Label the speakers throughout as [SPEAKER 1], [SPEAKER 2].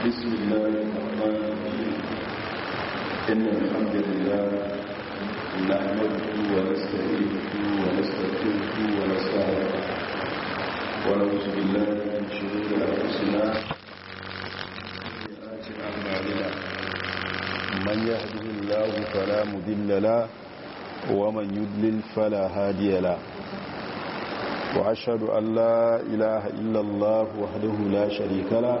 [SPEAKER 1] بسم الله الرحمن الرحيم إن الحمد لله نحمده ونستعينه ونستغفره ونستعينه ونعوذ بالله من شرور أنفسنا من يهده الله فلا مضل له ومن يضلل فلا هادي له وأشهد أن لا إله إلا الله وحده لا شريك له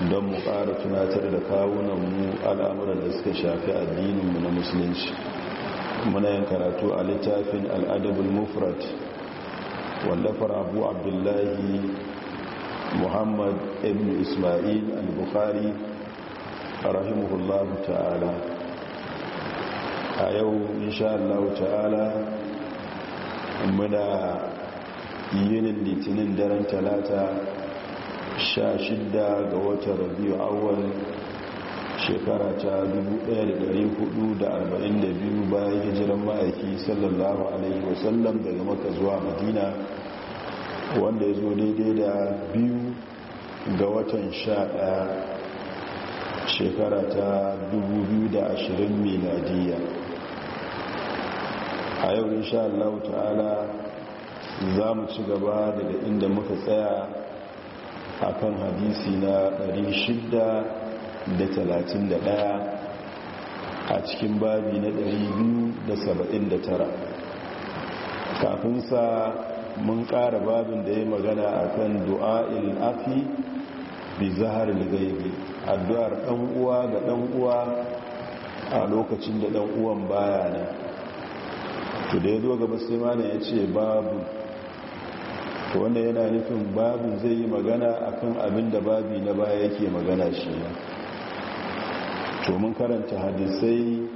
[SPEAKER 1] don mu ƙara tunatar da kawunanmu al'amuran da suka shafi addininmu na musulunci muna yin karatu a littafin al'adabul mufrat wallafar abu abdullahi muhammad ibn ismail al-bukhari rahimahullahu ta'ala a yau insha Allah ta'ala muna yinin litinin daren talata 16 ga watan rabiu awal shekara ta 1442 bayan hijiran ma'aiki sallallahu alaihi wasallam daga maka zuwa madina wanda ya zo daidai da biyu ga watan sha ɗaya shekara ta 2020 miladiya a yau insha Allah ta'ala za mu ci gaba daga inda muka tsaya akan hadisi na 631 a cikin babi na 279 kafin sa mun ƙara babin da ya magana akan du'a'il afi bi zahar gaibi addu'ar ɗanuwa ga ɗan uwa a lokacin da ɗan uwan baya ne to da ya zo gaba sai mana ya ce babu to wanda yana nufin babin zai yi magana a kan abin da babi na baya yake magana shi to mun karanta hadisai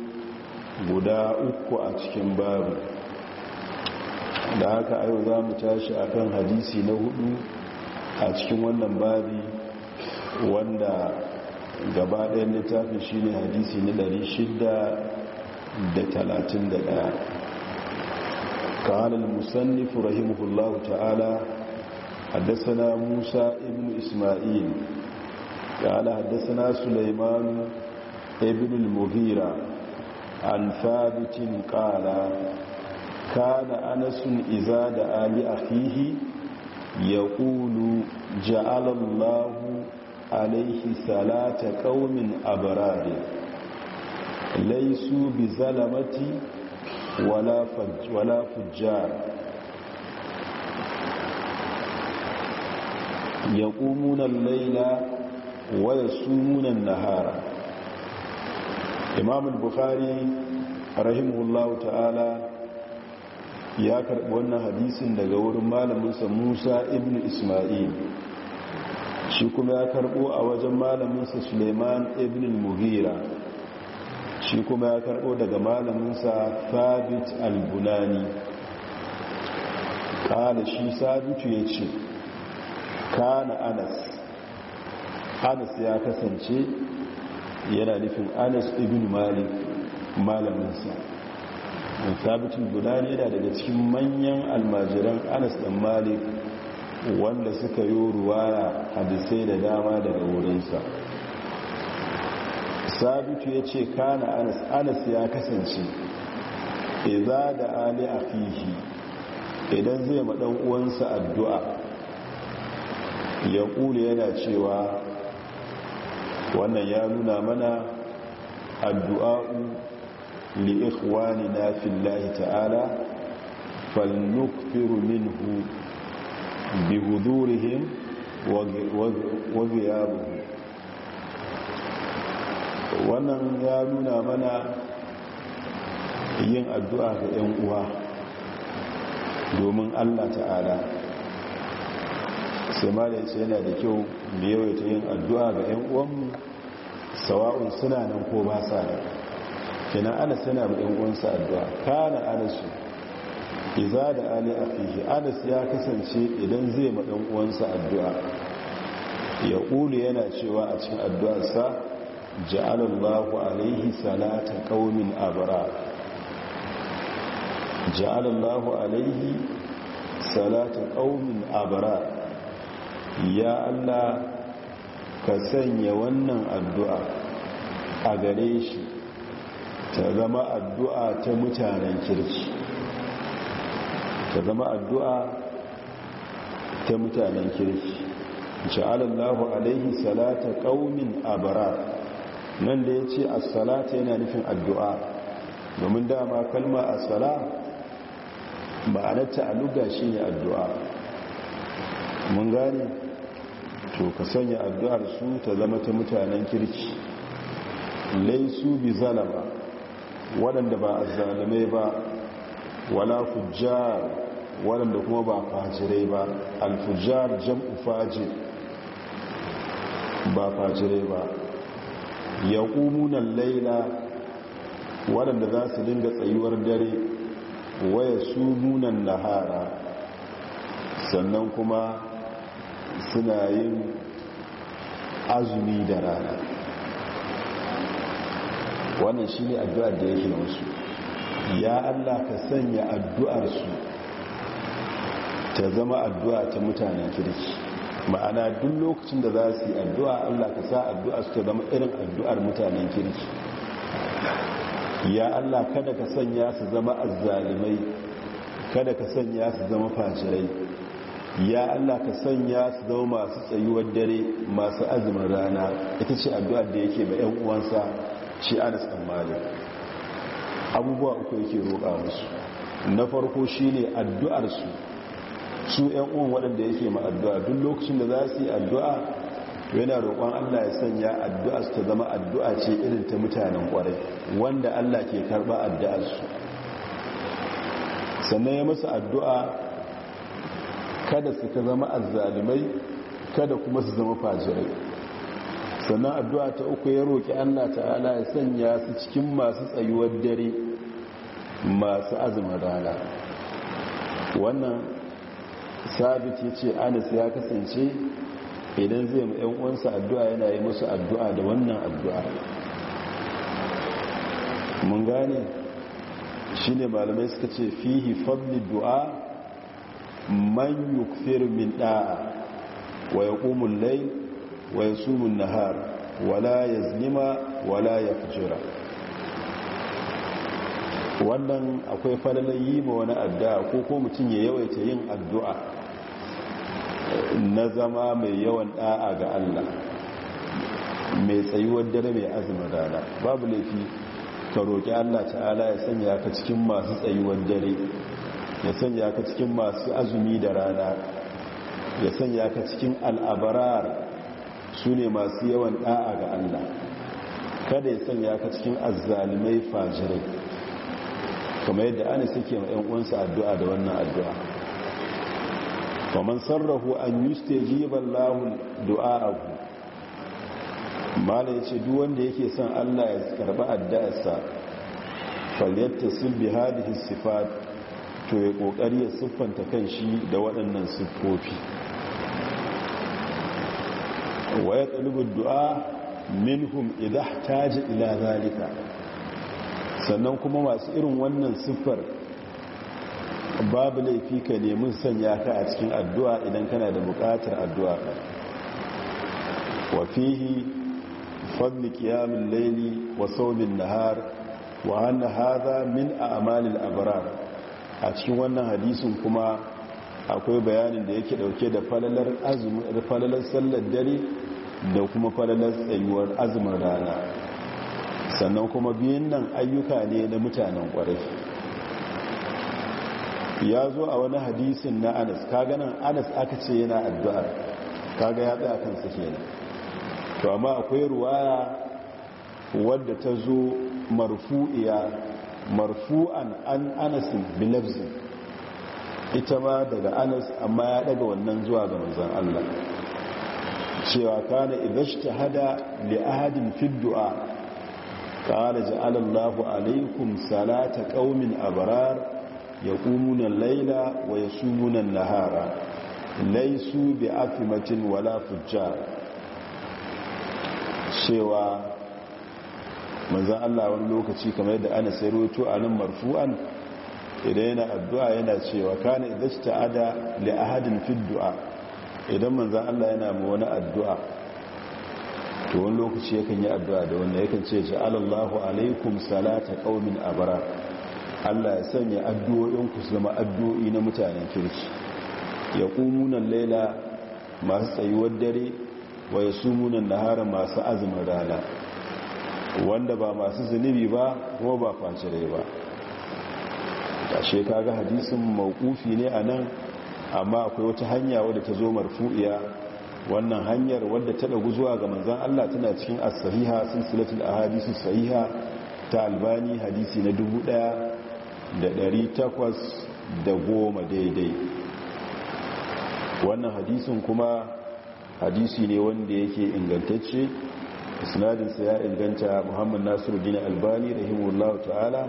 [SPEAKER 1] guda uku a cikin babu da haka ayo za mu tashi a kan hadisi na hudu a cikin wannan babi wanda gaba ɗayan littafin ne hadisi na ɗaya. قال المصنف رحمه الله تعالى حدثنا موسى ابن إسماعيل قال حدثنا سليمان ابن المغيرة عن ثابت قال كان أنس إذا دعا لأخيه يقول جعل الله عليه ثلاث قوم أبرار ليسوا بظلمتي wala fujjar ya ƙumunan laila waya sunan nahara imamul bukhari rahimahullahu ta'ala ya karɓi wannan hadisin daga wurin malaminsa musa ibn ismail shi kuma ya karɓo a wajen malaminsa suleiman ibn mughira shi kuma ya karɓo daga malaminsa thabit al bulani ƙala shi sabitu ya ce kana anas anas ya kasance yana nufin anas ibn malik malaminsa sabitin Bulani yana daga cikin manyan almajiran anas ɗan malik wanda suka yi ruwaya hadisai da dama daga wurinsa sabitu ya ce kana anas anas ya kasance iza da ali a fihi idan zai maɗan uwansa addu'a ya ƙule yana cewa wannan ya nuna mana addu'a'u li'ikwani na fillahi ta'ala falnukfiru minhu bi hudurihim wa giyabuhu wannan ya nuna mana yin addu'a ga 'yan uwa domin allah ta'ala sai ma da yana da kyau da yawaita yin addu'a ga 'yan uwanmu sawa'un suna nan ko ba sa da kina ana suna ga 'yan uwansa addu'a kana ana su iza da ali a fiye anas ya kasance idan zai ma ɗan uwansa addu'a ya ƙuli yana cewa a cikin addu'arsa ja'alallahu alaihi salata qaumin abrar ja'alallahu alaihi salata qaumin abrar ya Allah ka sanya wannan addu'a a gare shi ta zama addu'a ta mutanen kirki ta zama addu'a ta mutanen kirki ja'alallahu alaihi salata qaumin abrar nan da ya ce assalata yana nufin addu'a domin dama kalma assala ma'anarta a luga shi ne addu'a mun gane to ka sanya addu'ar su ta zama ta mutanen kirki laisu bi zalama waɗanda ba azzalamai ba wala fujjar waɗanda kuma ba fajirai ba alfujjar jam'u fajir ba fajirai ba ya ƙumunan laila waɗanda za su dinga tsayuwar dare waya su munan nahara sannan kuma suna yin azumi da rana wannan shi ne addu'ar da yake wasu ya Allah ka sanya addu'arsu ta zama addu'a ta mutanen kirki ma'ana duk lokacin da za su yi addu'a Allah ka sa addu'a su ta zama irin addu'ar mutanen kirki ya Allah kada ka sanya su zama azzalimai kada ka sanya su zama fajirai ya Allah ka sanya su zama masu tsayuwar dare masu azumin rana ita ce addu'ar da yake ba 'yan uwansa ce anas tsammanin abubuwa uku yake roƙa musu na farko shi shine addu'arsu su ‘yan uwan waɗanda yake ma addu'a duk lokacin da za su yi addu'a to yana roƙon Allah ya sanya addu'a su ta zama addu'a ce irin ta mutanen ƙwarai wanda Allah ke karɓa addu'a su sannan ya musu addu'a kada su ka zama azzalimai kada kuma su zama fajirai sannan addu'a ta uku ya roƙi Allah ta'ala ya sanya su cikin masu tsayuwar dare masu azumin rana wannan sabit ya ce anas ya kasance idan zai yan uwansa addu'a yana yi musu addu'a da wannan addu'a mun gane shi ne malamai suka ce fihi fadli du'a man yukfir min da'a wa ya ƙumun lai wa ya sumun nahar wala ya znima wala ya fujira wannan akwai falalar ma wani addu'a ko ko mutum ya yawaita yin addu'a na zama mai yawan da'a ga Allah mai tsayuwar dare mai azumin rana babu laifi ka roƙi Allah ta'ala ya sanya ka cikin masu tsayuwar dare ya sanya ka cikin masu azumi da rana ya sanya ka cikin al'abarar su ne masu yawan da'a ga Allah kada ya sanya ka cikin azzalimai fajirai kamar yadda ana suke ma'yan 'yan addu'a da wannan addu'a wa man sarrahu an yustajiba Allahu du'a'ahu mala yace duk wanda yake son Allah ya karba addu'arsa sun bi hadhihi sifat to ya kokari ya siffanta kan shi da waɗannan siffofi wa yatlubu du'a minhum ta ila zalika sannan kuma masu irin wannan siffar babu laifi ka nemi sanya ka a cikin addu'a idan kana da buƙatar addu'a ka wafihi fadli kiyamun laili wa saunin nahar wa hannu haza min a amalin abarar a cikin wannan hadisun kuma akwai bayanin da yake dauke da falalar sallar dare da kuma falalar tsayuwar azumin rana sannan kuma biyun nan ayyuka ne na mutanen ƙwarai ya zo a wani hadisin na anas Ka ganin anas aka ce yana addu'ar ga ya a kansa kenan to amma akwai ruwaya wadda ta zo marfu'iya marfu'an an anasin bilabzi ita ma daga anas amma ya daga wannan zuwa ga manzon Allah cewa kana hada li ahadin fiddu'a. du'a قال جعل الله salata صلاة قوم Ya kumunan laila wa ya sumunan nahara laisu bi bi'afimatin wala fujjar cewa manzan Allah wani lokaci kamar yadda ana sai roto a nan marfu'an idan yana addu'a yana cewa kana idan shi ta'ada li ahadin du'a idan manzan Allah yana mu wani addu'a to wani lokaci yakan yi addu'a da wanda yakan ce ja'alallahu alaikum salata qaumin abara Allah ya sanya addu'o'in su zama addu'o'i na mutanen kirki ya ƙumunan laila masu tsayuwar dare wa ya sumunan nahara masu azumin rana wanda ba masu zunubi ba kuma ba rai ba ƙashe shekaru hadisin mauƙufi ne a nan amma akwai wata hanya wadda ta zo marfu'iya wannan hanyar wadda ta ɗagu zuwa ga manzan Allah tana cikin as-sahiha silsilatul ahadithus sahiha ta albani hadisi na dubu ɗaya. da ɗari takwas da goma daidai wannan hadisin kuma hadisi ne wanda yake ingantacce sinadinsa ya inganta muhammad nasiru dina albani allahu ta'ala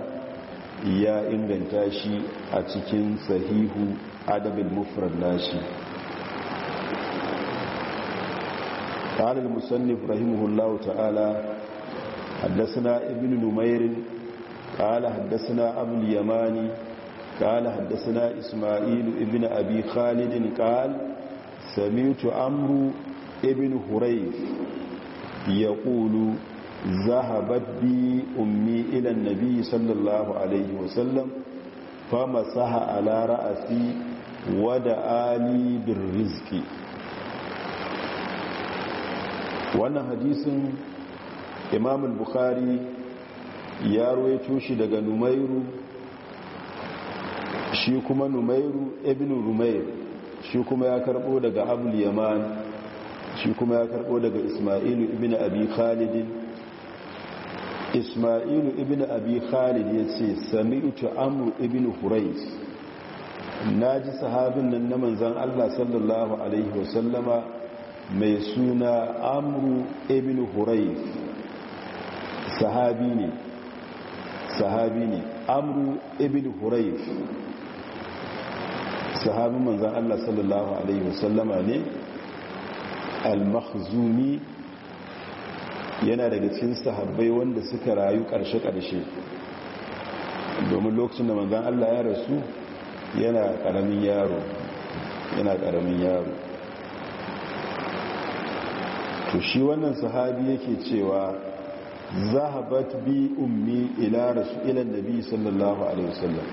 [SPEAKER 1] ya inganta shi a cikin sahihu adabin mufrad nashi قال المصنف رحمه الله تعالى حدثنا ابن نمير قال حدثنا أبو اليماني قال حدثنا إسماعيل ابن أبي خالد قال سمعت أمر ابن هريف يقول ذهبت بي أمي إلى النبي صلى الله عليه وسلم فمسح على رأسي ودعاني بالرزق wannan hadisin imam bukhari ya ruwaito shi daga numairu shi kuma numairu ibn rumair shi kuma ya karbo daga abul yaman shi kuma ya karbo daga ismailu ibn abi khalid ismailu ibn abi khalid ya ce sami'tu amru ibn hurais na ji sahabin nan na manzan allah sallallahu alaihi wasallama mai suna amru ibn hurais sahabi ne sahabi ne amru ibn hurayf sahabin manzan Allah sallallahu alaihi wasallama ne al-makhzumi yana daga cikin sahabbai wanda suka rayu karshe-karshe domin lokacin da manzan Allah ya rasu yana karamin yaro yana karamin yaro to shi wannan sahabi yake cewa zahabat bi ummi ila rasulun nabi sallallahu alaihi wasallam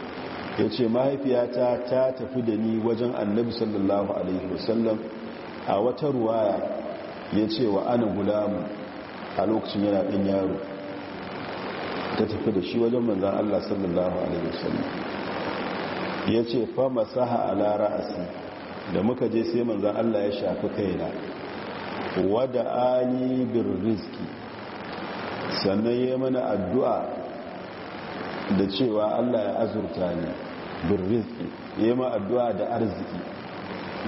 [SPEAKER 1] ya ce mahaifiyata ta tafi da ni wajen annabi sallallahu alaihi wasallam a wata ruwaya ya ce wa ana gulamu a lokacin yana ɗin yaro ta tafi da shi wajen manzon Allah sallallahu alaihi wasallam ya ce fa masaha ala ra'si da muka je sai manzon Allah ya shafi kaina wada ani bir rizki sannan ya mana addu'a da cewa Allah ya azurta ne birrizki ya ma addu'a da arziki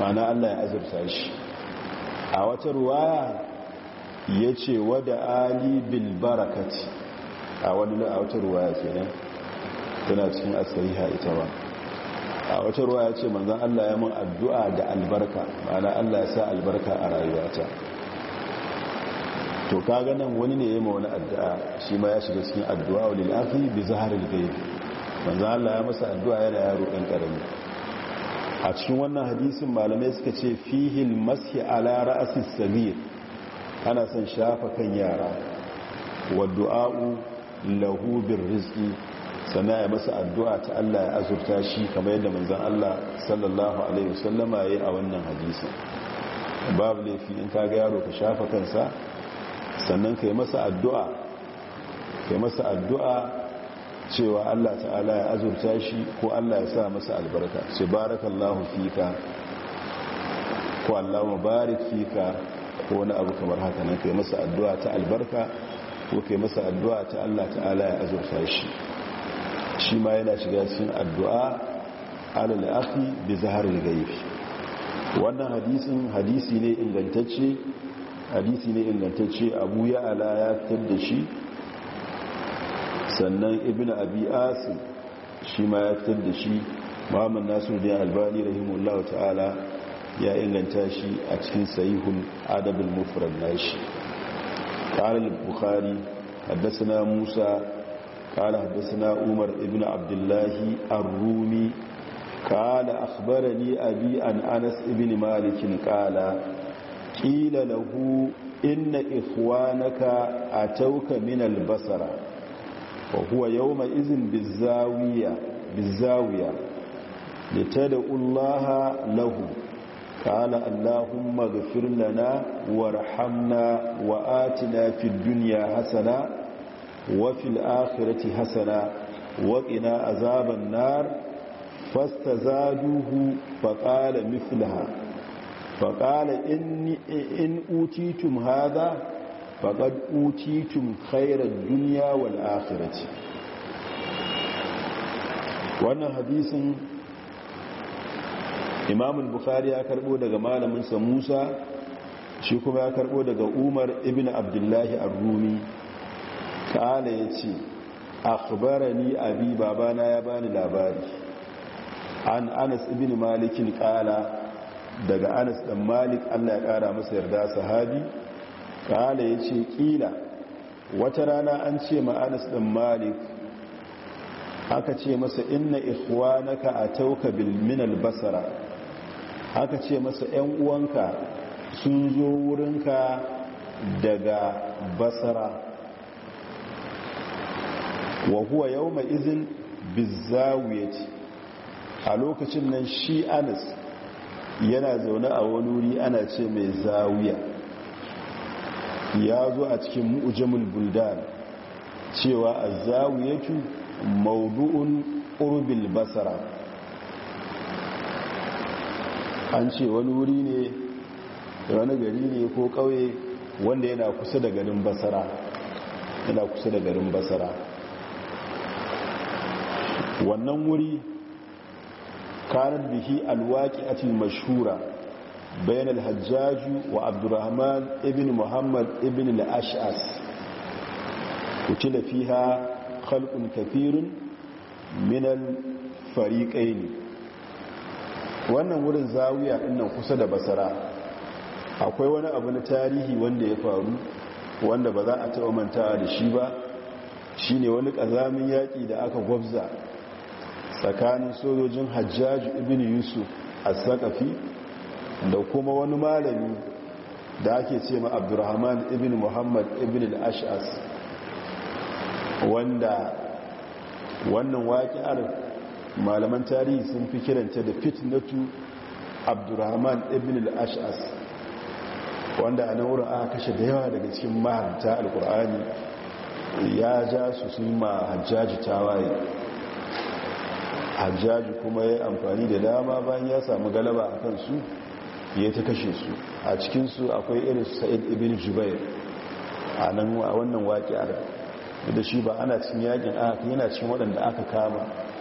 [SPEAKER 1] mana Allah ya azurta shi a wata ruwaya ya ce wada ali barakati a wani na a wata ruwaya ne tana cikin asariha ita ba a wata ruwaya ce manzan Allah ya mun addu'a da albarka mana Allah ya sa albarka a rayuwata to kaga nan wani ne ya ma wani addu'a shi ma ya shiga cikin addu'a lil akhi bi zaharil ghaib manzo Allah ya masa addu'a yana yaro dan karami a cikin wannan hadisin malamai suka ce fihil mashi ala ra'asis samir ana son shafa kan yara wa du'a'u lahu bir rizqi sana ya masa addu'a ta Allah ya azurta shi kamar yadda manzon Allah sallallahu alaihi wasallama yayi a wannan hadisin babu laifi in kaga yaro ka shafa kansa sannan ka yi masa addu'a ka yi masa addu'a cewa Allah ta'ala ya azurta shi ko Allah ya sa masa albarka sai barakallahu fika ko Allahu mubarak fika ko wani abu kamar haka nan ka yi masa addu'a ta albarka ko ka yi masa addu'a ta Allah ta'ala ya azurta shi shi ma yana shiga cikin addu'a alal akhi bi zaharil gaifi wannan hadisin hadisi ne ingantacce hadisi ne ingantacce abu ya ala ya fitar da shi sannan ibn abi asim shi ma ya fitar da shi muhammad nasiru da albani rahimullahu ta'ala ya inganta shi a cikin sahihul adabul mufrad nashi قال البخاري حدثنا موسى قال حدثنا عمر ابن عبد الله الرومي قال أخبرني أبي أن أنس ابن مالك قال ƙila lahu inna ikhwanaka a tauka min albasara wa huwa yawma izin bizawiya bizawiya litad'ullaha lahu qala allahumma ighfir lana warhamna wa atina fid dunya hasana wa fil akhirati hasana wa qina azaban nar fastazaduhu faqala mithlaha faƙala in utitum haza faƙad utitum khairar duniya wal akhirati wannan hadisin imamul bukhari ya karbo daga malaminsa musa shi kuma ya karɓo daga umar ibn abdullahi ar-rumi kala ya ce akhbarani abi babana ya bani labari an anas ibn malikin kala daga anas dan malik allah ya kara masa yarda sahabi kala ya ce kila wata rana an ce ma anas dan malik aka ce masa inna ikhwanaka atauka a tauka bilminal basara aka ce masa yan uwanka sun zo wurinka daga basara wa huwa yawma izin bizawiyati a lokacin nan shi anas yana zaune a wani wuri ana ce mai zawiya ya zo a cikin mu'ujamul buldan cewa a zawiyatu maudu'un urbil basara an ce wani wuri ne wani gari ne ko ƙauye wanda yana kusa da garin basara yana kusa da garin basara wannan wuri kanar bihi a cikin mashura bayan alhajjaju wa abdurrahman ibn muhammad ibn al'ash'as kutila fiha khalqun kafirun minan ne. wannan wurin zawiya ɗinnan kusa da basara akwai wani abu na tarihi wanda ya faru wanda ba za a taɓa mantawa da shi ba shine wani ƙazamin yaƙi da aka gwabza tsakanin sojojin hajjaju ibn yusuf a da kuma wani malami da ake ce ma abdurrahman ibn muhammad ibn al-ash'as wanda wannan waƙi'ar malaman tarihi sun fi kiranta da fitnatu abdurrahman ibn al-ash'as wanda a nan wurin aka kashe da yawa daga cikin Al-Qur'ani, ya ja su sun ma hajjaji tawaye hajjaji kuma ya amfani da dama bayan ya samu galaba a kansu ya ta kashe su a cikinsu akwai irin sa'id ibn jubair a nan a wannan waƙiyar da shi ba ana cin yakin aka yana cin waɗanda aka kama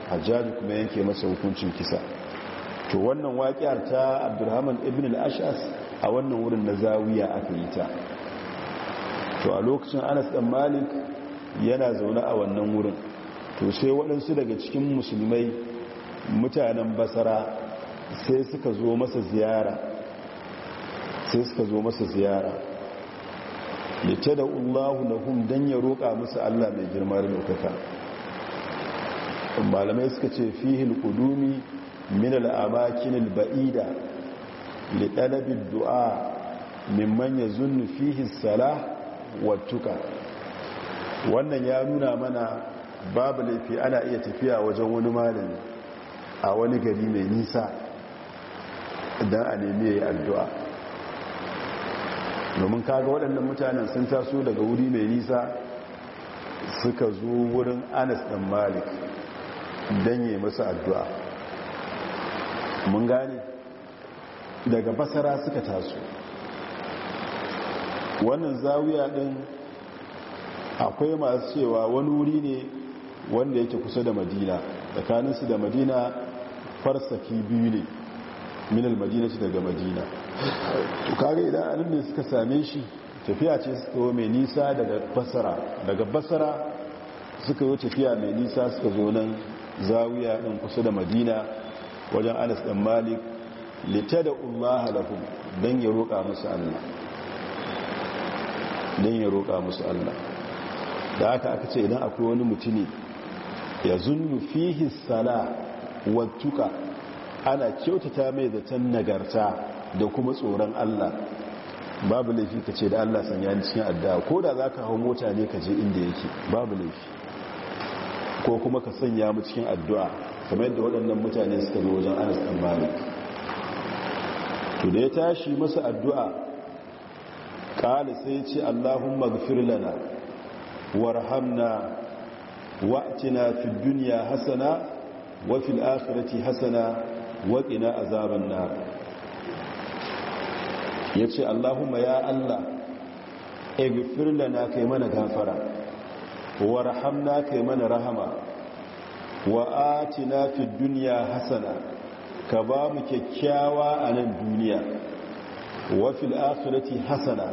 [SPEAKER 1] hajjaji kuma yanke masa hukuncin kisa to wannan waƙiyar ta abdurrahman ibn al-ashas a wannan wurin na zawiya aka yi ta to a lokacin anas dan malik yana zaune a wannan wurin to sai waɗansu daga cikin musulmai mutanen basara sai suka zo masa ziyara sai suka zo masa ziyara da ta da allahu na hun don ya roƙa musu allah mai girma da malamai suka ce fihil ƙudumi min al'amakin ba'ida da ɗalabin du'a min manya zunnu fihin sala wattuka wannan ya nuna mana babu laifi ana iya tafiya wajen wani malami a wani gari mai nisa don a nemi ya yi addu'a domin kaga waɗannan mutanen sun taso daga wuri mai nisa suka zo wurin anas ɗan malik don yi masa addu'a mun gane daga basara suka taso wannan zawiya ɗin akwai masu cewa wani wuri ne wanda yake kusa da madina tsakaninsu da madina farsaki biyu ne minal madina shi daga madina tukare idan anin ne suka same shi tafiya ce suka zo mai nisa daga basara daga basara suka zo tafiya mai nisa suka zo nan zawiya ɗin kusa da madina wajen anas ɗan malik lita da ullaha lahum don ya roƙa musu allah don ya roƙa musu allah da aka aka ce idan akwai wani mutune ya zunnu fihi sala wattuka ana kyautata mai zaton nagarta da kuma tsoron Allah babu laifi ka ce da Allah sanya ni cikin addu'a ko da za ka hau mota ne ka je inda yake babu laifi ko kuma ka sanya mu cikin addu'a kamar yadda waɗannan mutane suka zo wajen Anas ɗan Malik to da ya tashi masa addu'a qala sai ya ce Allahumma ighfir lana warhamna wa'atina fi duniya hasana wa fil akhirati hasana wa qina azaban nar yace allahumma ya allah ighfir na kai mana gafara warhamna kai mana rahama wa atina fi duniya hasana ka ba mu kyakkyawa a nan duniya wa fil akhirati hasana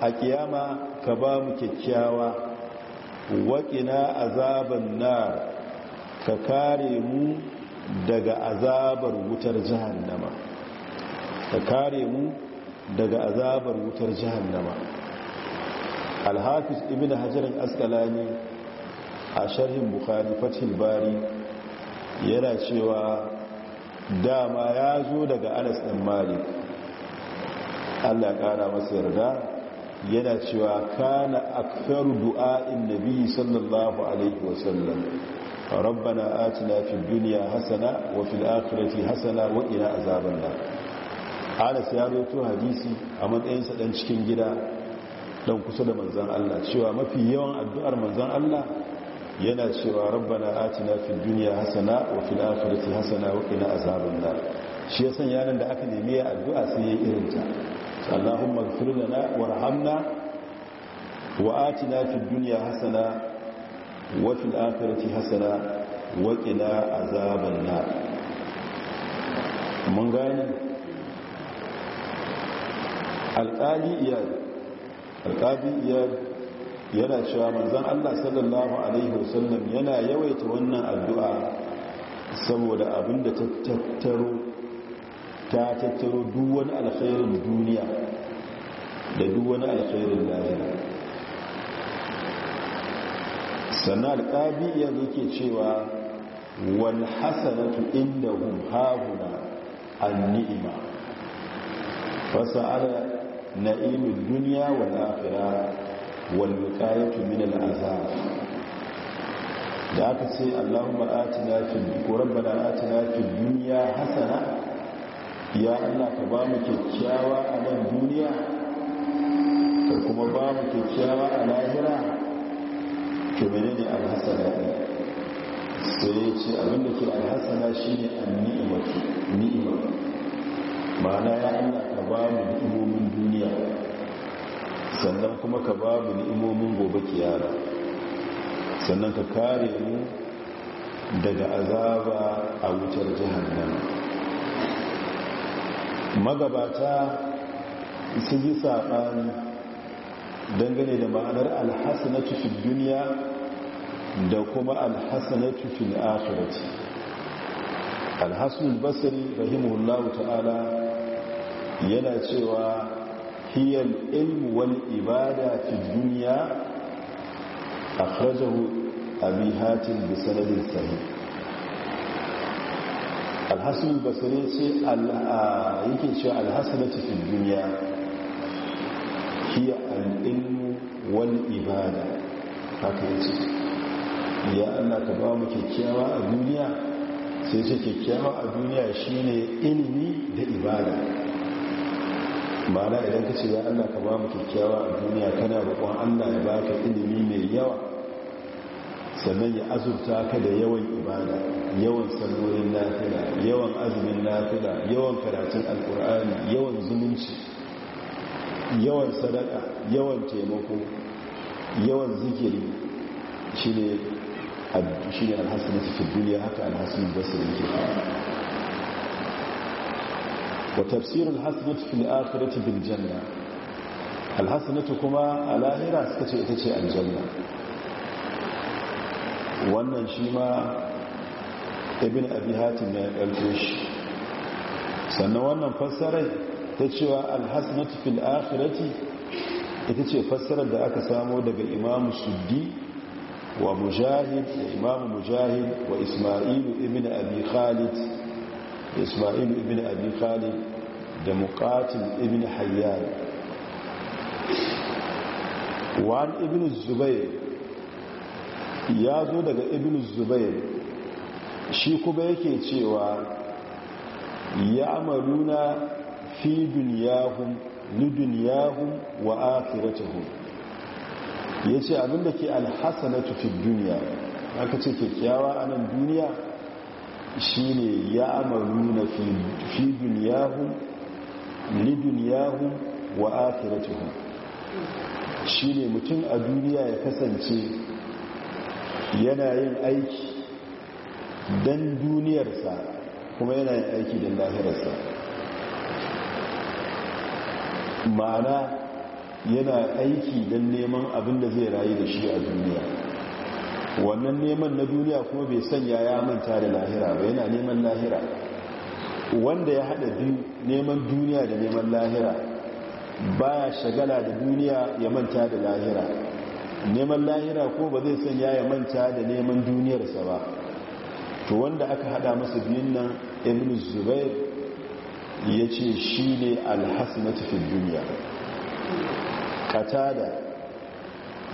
[SPEAKER 1] a kiyama ka ba mu kyakkyawa waƙina azaban na ka kare mu daga azabar wutar jihannama. ka kare mu daga azabar wutar jahannama alhafiz ibn hajarin askalani a sharhin bukari Fatih bari yana cewa dama ya zo daga anas ɗan malik allah ƙara masa yarda yana cewa kana aktharu du'a'in nabi sallallahu alaihi wasallam rabbana atina fid dunya hasana wa fil akhirati hasana wa qina azaban nar Anas ya rawaito hadisi a matsayin sa dan cikin gida dan kusa da manzon Allah cewa mafi yawan addu'ar manzon Allah yana cewa rabbana atina fid dunya hasana wa fil akhirati hasana wa qina azaban nar shi yasan yaran da aka nemi addu'a sai yayin irinta اللهم اغفر لنا وارحمنا وآتنا في الدنيا حسنة وفي الآخرة حسنة وقنا عذاب النار mun gani alƙali iyar yana cewa manzan allah sallallahu alaihi wasallam yana yawaita wannan addu'a saboda abinda ta tattaro ta tattaro duwani wani duniya da duk wani lahira sannan alƙabi ya ke cewa wal hasanatu inda hum na an ni'ima ala na'imin duniya wa lafira wal wiqayatu min al da aka ce allahumma atina fi duniya hasana ya allah ka ba mu kyakkyawa a nan duniya ka kuma ba mu kyakkyawa a lahira to ne alhassana ne sai ya ce abinda ke alhassana shine ni'imaki ni'ima ma'ana ya allah ka ba mu ni'imomin duniya sannan kuma ka ba mu ni'imomin gobe kiyara sannan ka kare mu daga azaba a wutar nan. magabata su yi saɓani dangane da ma'anar alhassanatu fil duniya da kuma alhassanatu fil akhirati alhassanul basri rahimahullahu ta'ala yana cewa hiyar ilmu wal ibada fil duniya akhrajahu abi hatim bi sanadin sahih alhassan basari sai yake cewa na cikin duniya hiya al'ilmu wal ibada haka yace ya Allah ka ba mu kyakkyawa a duniya sai ce kyakkyawa a duniya shine ilimi da ibada ma'ana idan ka ce ya Allah ka ba mu kyakkyawa a duniya kana roƙon Allah ya baka ilimi mai yawa sannan ya azurta ka da yawan ibada yawan sallolin lafiya yawan azumin lafiya yawan karatun alkur'ani yawan zumunci yawan sadaka yawan taimako yawan zikiri shine shine alhasanatu cikin duniya haka alhasanul Basir yake wa tafsir alhasanatu fil akhirati bil janna alhasanatu kuma a lahira suka ce ita ce aljanna wannan shi ma ibn abi ya karfe shi sannan wannan fassarar ta cewa alhassanatu fil akhirati ita ce fassarar da aka samo daga imamu suddi wa mujahid da imamu mujahid wa ismailu ibn abi khalid ismailu ibn abi khalid da muqatil ibn hayyan wa ابن Zubair. ya zo daga ibn zubair shi kuma yake cewa ya amaluna fi duniyahun duniyahun wa hu? ya ce abinda ke alhassanatu fi duniya aka ce kyakkyawa a nan duniya shi ne ya amaluna fi duniyahun duniyahun wa hu? shi ne mutum a duniya ya kasance yana yin aiki don duniyarsa kuma yana yin aiki don lahirarsa ma'ana yana aiki don neman abinda zai rayu da shi a duniya wannan neman na duniya kuma bai sanya ya manta da lahira ba yana neman lahira wanda ya hada neman duniya da neman lahira baya shagala da duniya ya manta da lahira neman lahira ko ba zai sanya ya manta da neman duniyarsa ba to wanda aka hada masa biyun nan ibn zubair ya ce shi ne alhassanatu fi duniya katada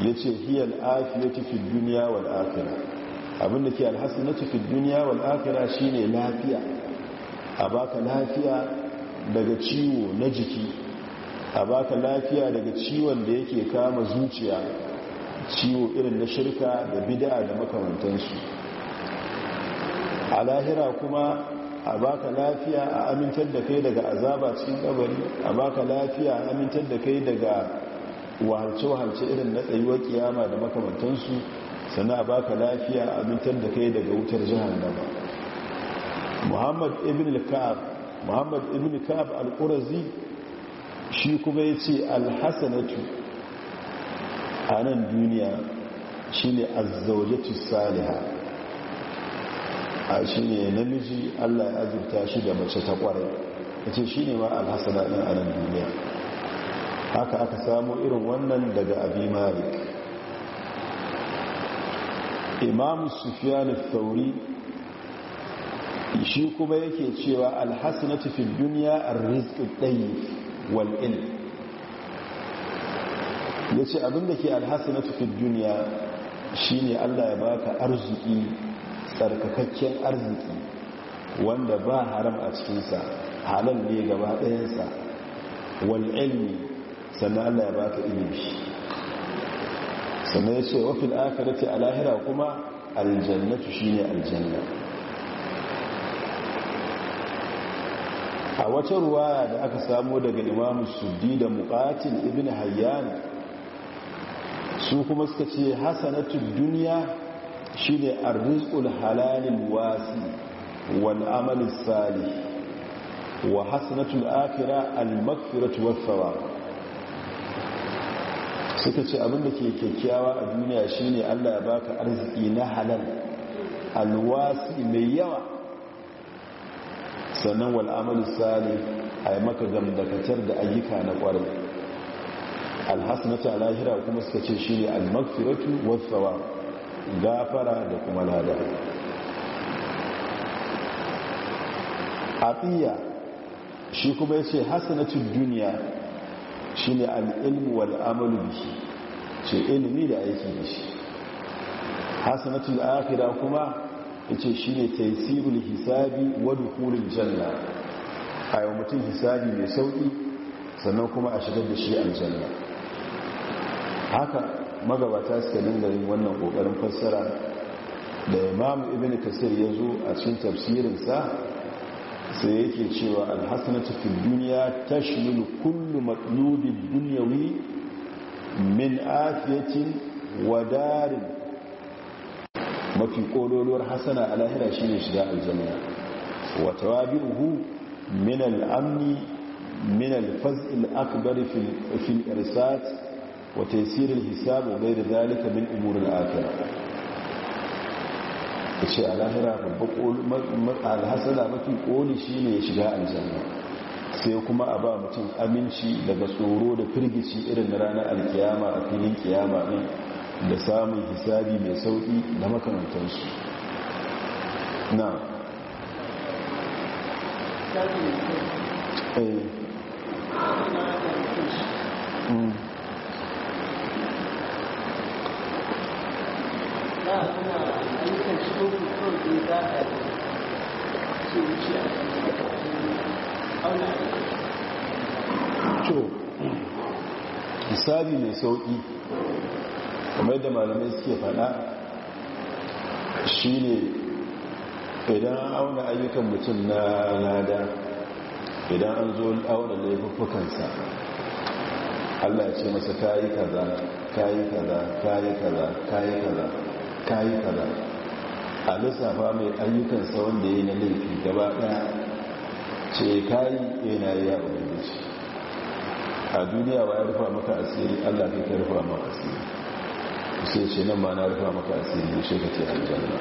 [SPEAKER 1] ya ce hiyar afiyatu fi duniya wal abinda ke alhassanatu fi duniya wa shi ne lafiya a baka lafiya daga ciwo na jiki a baka lafiya daga ciwon da yake kama zuciya ciwo irin na shirka da bid'a da makamantansu a lahira kuma a baka lafiya a amintar da kai daga azaba cikin kabari a baka lafiya a amintar da kai daga wahalce-wahalce irin na tsayuwar kiyama da makamantansu sannan a baka lafiya a amintar da kai daga wutar jihar muhammad ibn al-ka'ab muhammad ibn al-ka'ab al-qurazi shi kuma ya ce Alhassanatu. a nan duniya shi ne azzaujatu saliha a shi ne namiji allah ya azurta shi da mace ta kwarai a ce shi ne ma alhassana ɗin a nan duniya haka aka samu irin wannan daga abi malik imam sufiyan thauri shi kuma yake cewa alhassanatu fi duniya arrizqi tayyib wal ya ce abinda ke na tufin duniya shi ne allah ya baka arziki tsarkakakken arziki wanda ba haram a cikinsa halal ne gaba ɗayansa wal'ilmi sannan allah ya baka ilimi sannan ya ce wafin akarati a lahira kuma aljannatu shi ne aljanna a wata ruwaya da aka samo daga imamu suddi da Mukatin ibn hayyan su kuma suka ce hasanatul duniya shi ne arrizqul Halalin wasi wal amalin wa hasanatul Afira al maghfiratu suka ce abinda ke kyakkyawa a duniya shi ne Allah ya baka arziki na halal alwasi mai yawa sannan wal amal a yi maka gamdakatar da ayyuka na kwarai a lahira kuma suka ce shi ne almakfiratu wasawa gafara da kuma lada afiya shi kuma ya ce hassanatun duniya shi ne al'ilmu wal'amalu da shi ce ilimi da aiki da shi hassanatun akira kuma ya ce shi ne taisirul hisabi wadda kulin janna a yau mutum hisabi mai sauƙi sannan kuma a shigar da shi aljanna haka magabata suka da yin wannan kokarin fassara da imam ibn kasir ya zo a cikin tafsirinsa sai yake cewa alhassanatu fi duniya tashmilu kullu matlubin dunyawi min afiyacin wadarin mafi kololuwar Hassana a lahira ne shiga wata wa tawabi'uhu min al'amni amni min alfaz fazil fil irsat wa tasirin hisabu bai da zalika min umurin akira ta ce alahira mafi koli shi ne ya shiga aljanna sai kuma a ba mutum aminci daga tsoro da firgici irin na ranar alkiyama a filin kiyama ne da samun hisabi mai sauki da makamantarsu na eh hmm. to mai sauƙi kamar da malamai suke faɗa ne idan an auna ayyukan mutum na lada idan an zo auna laifuffukansa allah ce masa kayi kaza kayi kaza kayi kaza kayi kaza kayi kaza a lissafa mai ayyukansa wanda ya yi na laifi gaba ɗaya ce kayi yana eh, yi ya ubangiji a duniya ba ya rufa maka asiri allah ka ka rufa maka asiri sai ce nan ba na rufa maka asiri da ka ce aljanna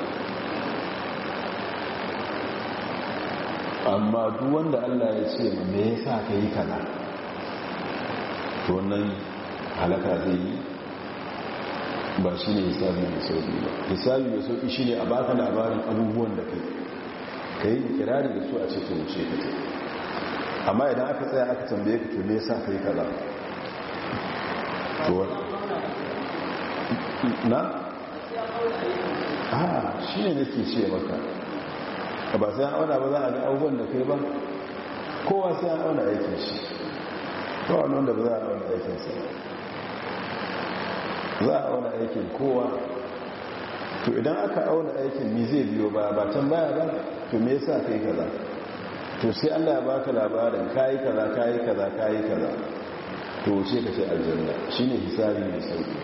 [SPEAKER 1] amma duk wanda allah ya ce me yasa ka yi kana to nan halaka zai yi ba shi ne hisabi mai sauki ba hisabi mai sauki shi ne a baka labarin abubuwan da kai ka yi kirari da su a ce wuce ka ce amma idan aka tsaya aka tambaye ka to me sa ka yi kaza na? a ah, shi ne nake ce maka ba sai an auna ba za a ga abubuwan da kai ba kowa sai an auna aikin shi kowa wanda ba za a auna aikinsa ba za a auna aikin kowa to idan aka auna aikin mi zai biyo ba ba can baya ba to me yasa kai kaza to sai Allah ya baka labarin kai kaza kai kaza kai kaza to ce ka ce aljanna shine hisabi mai sauki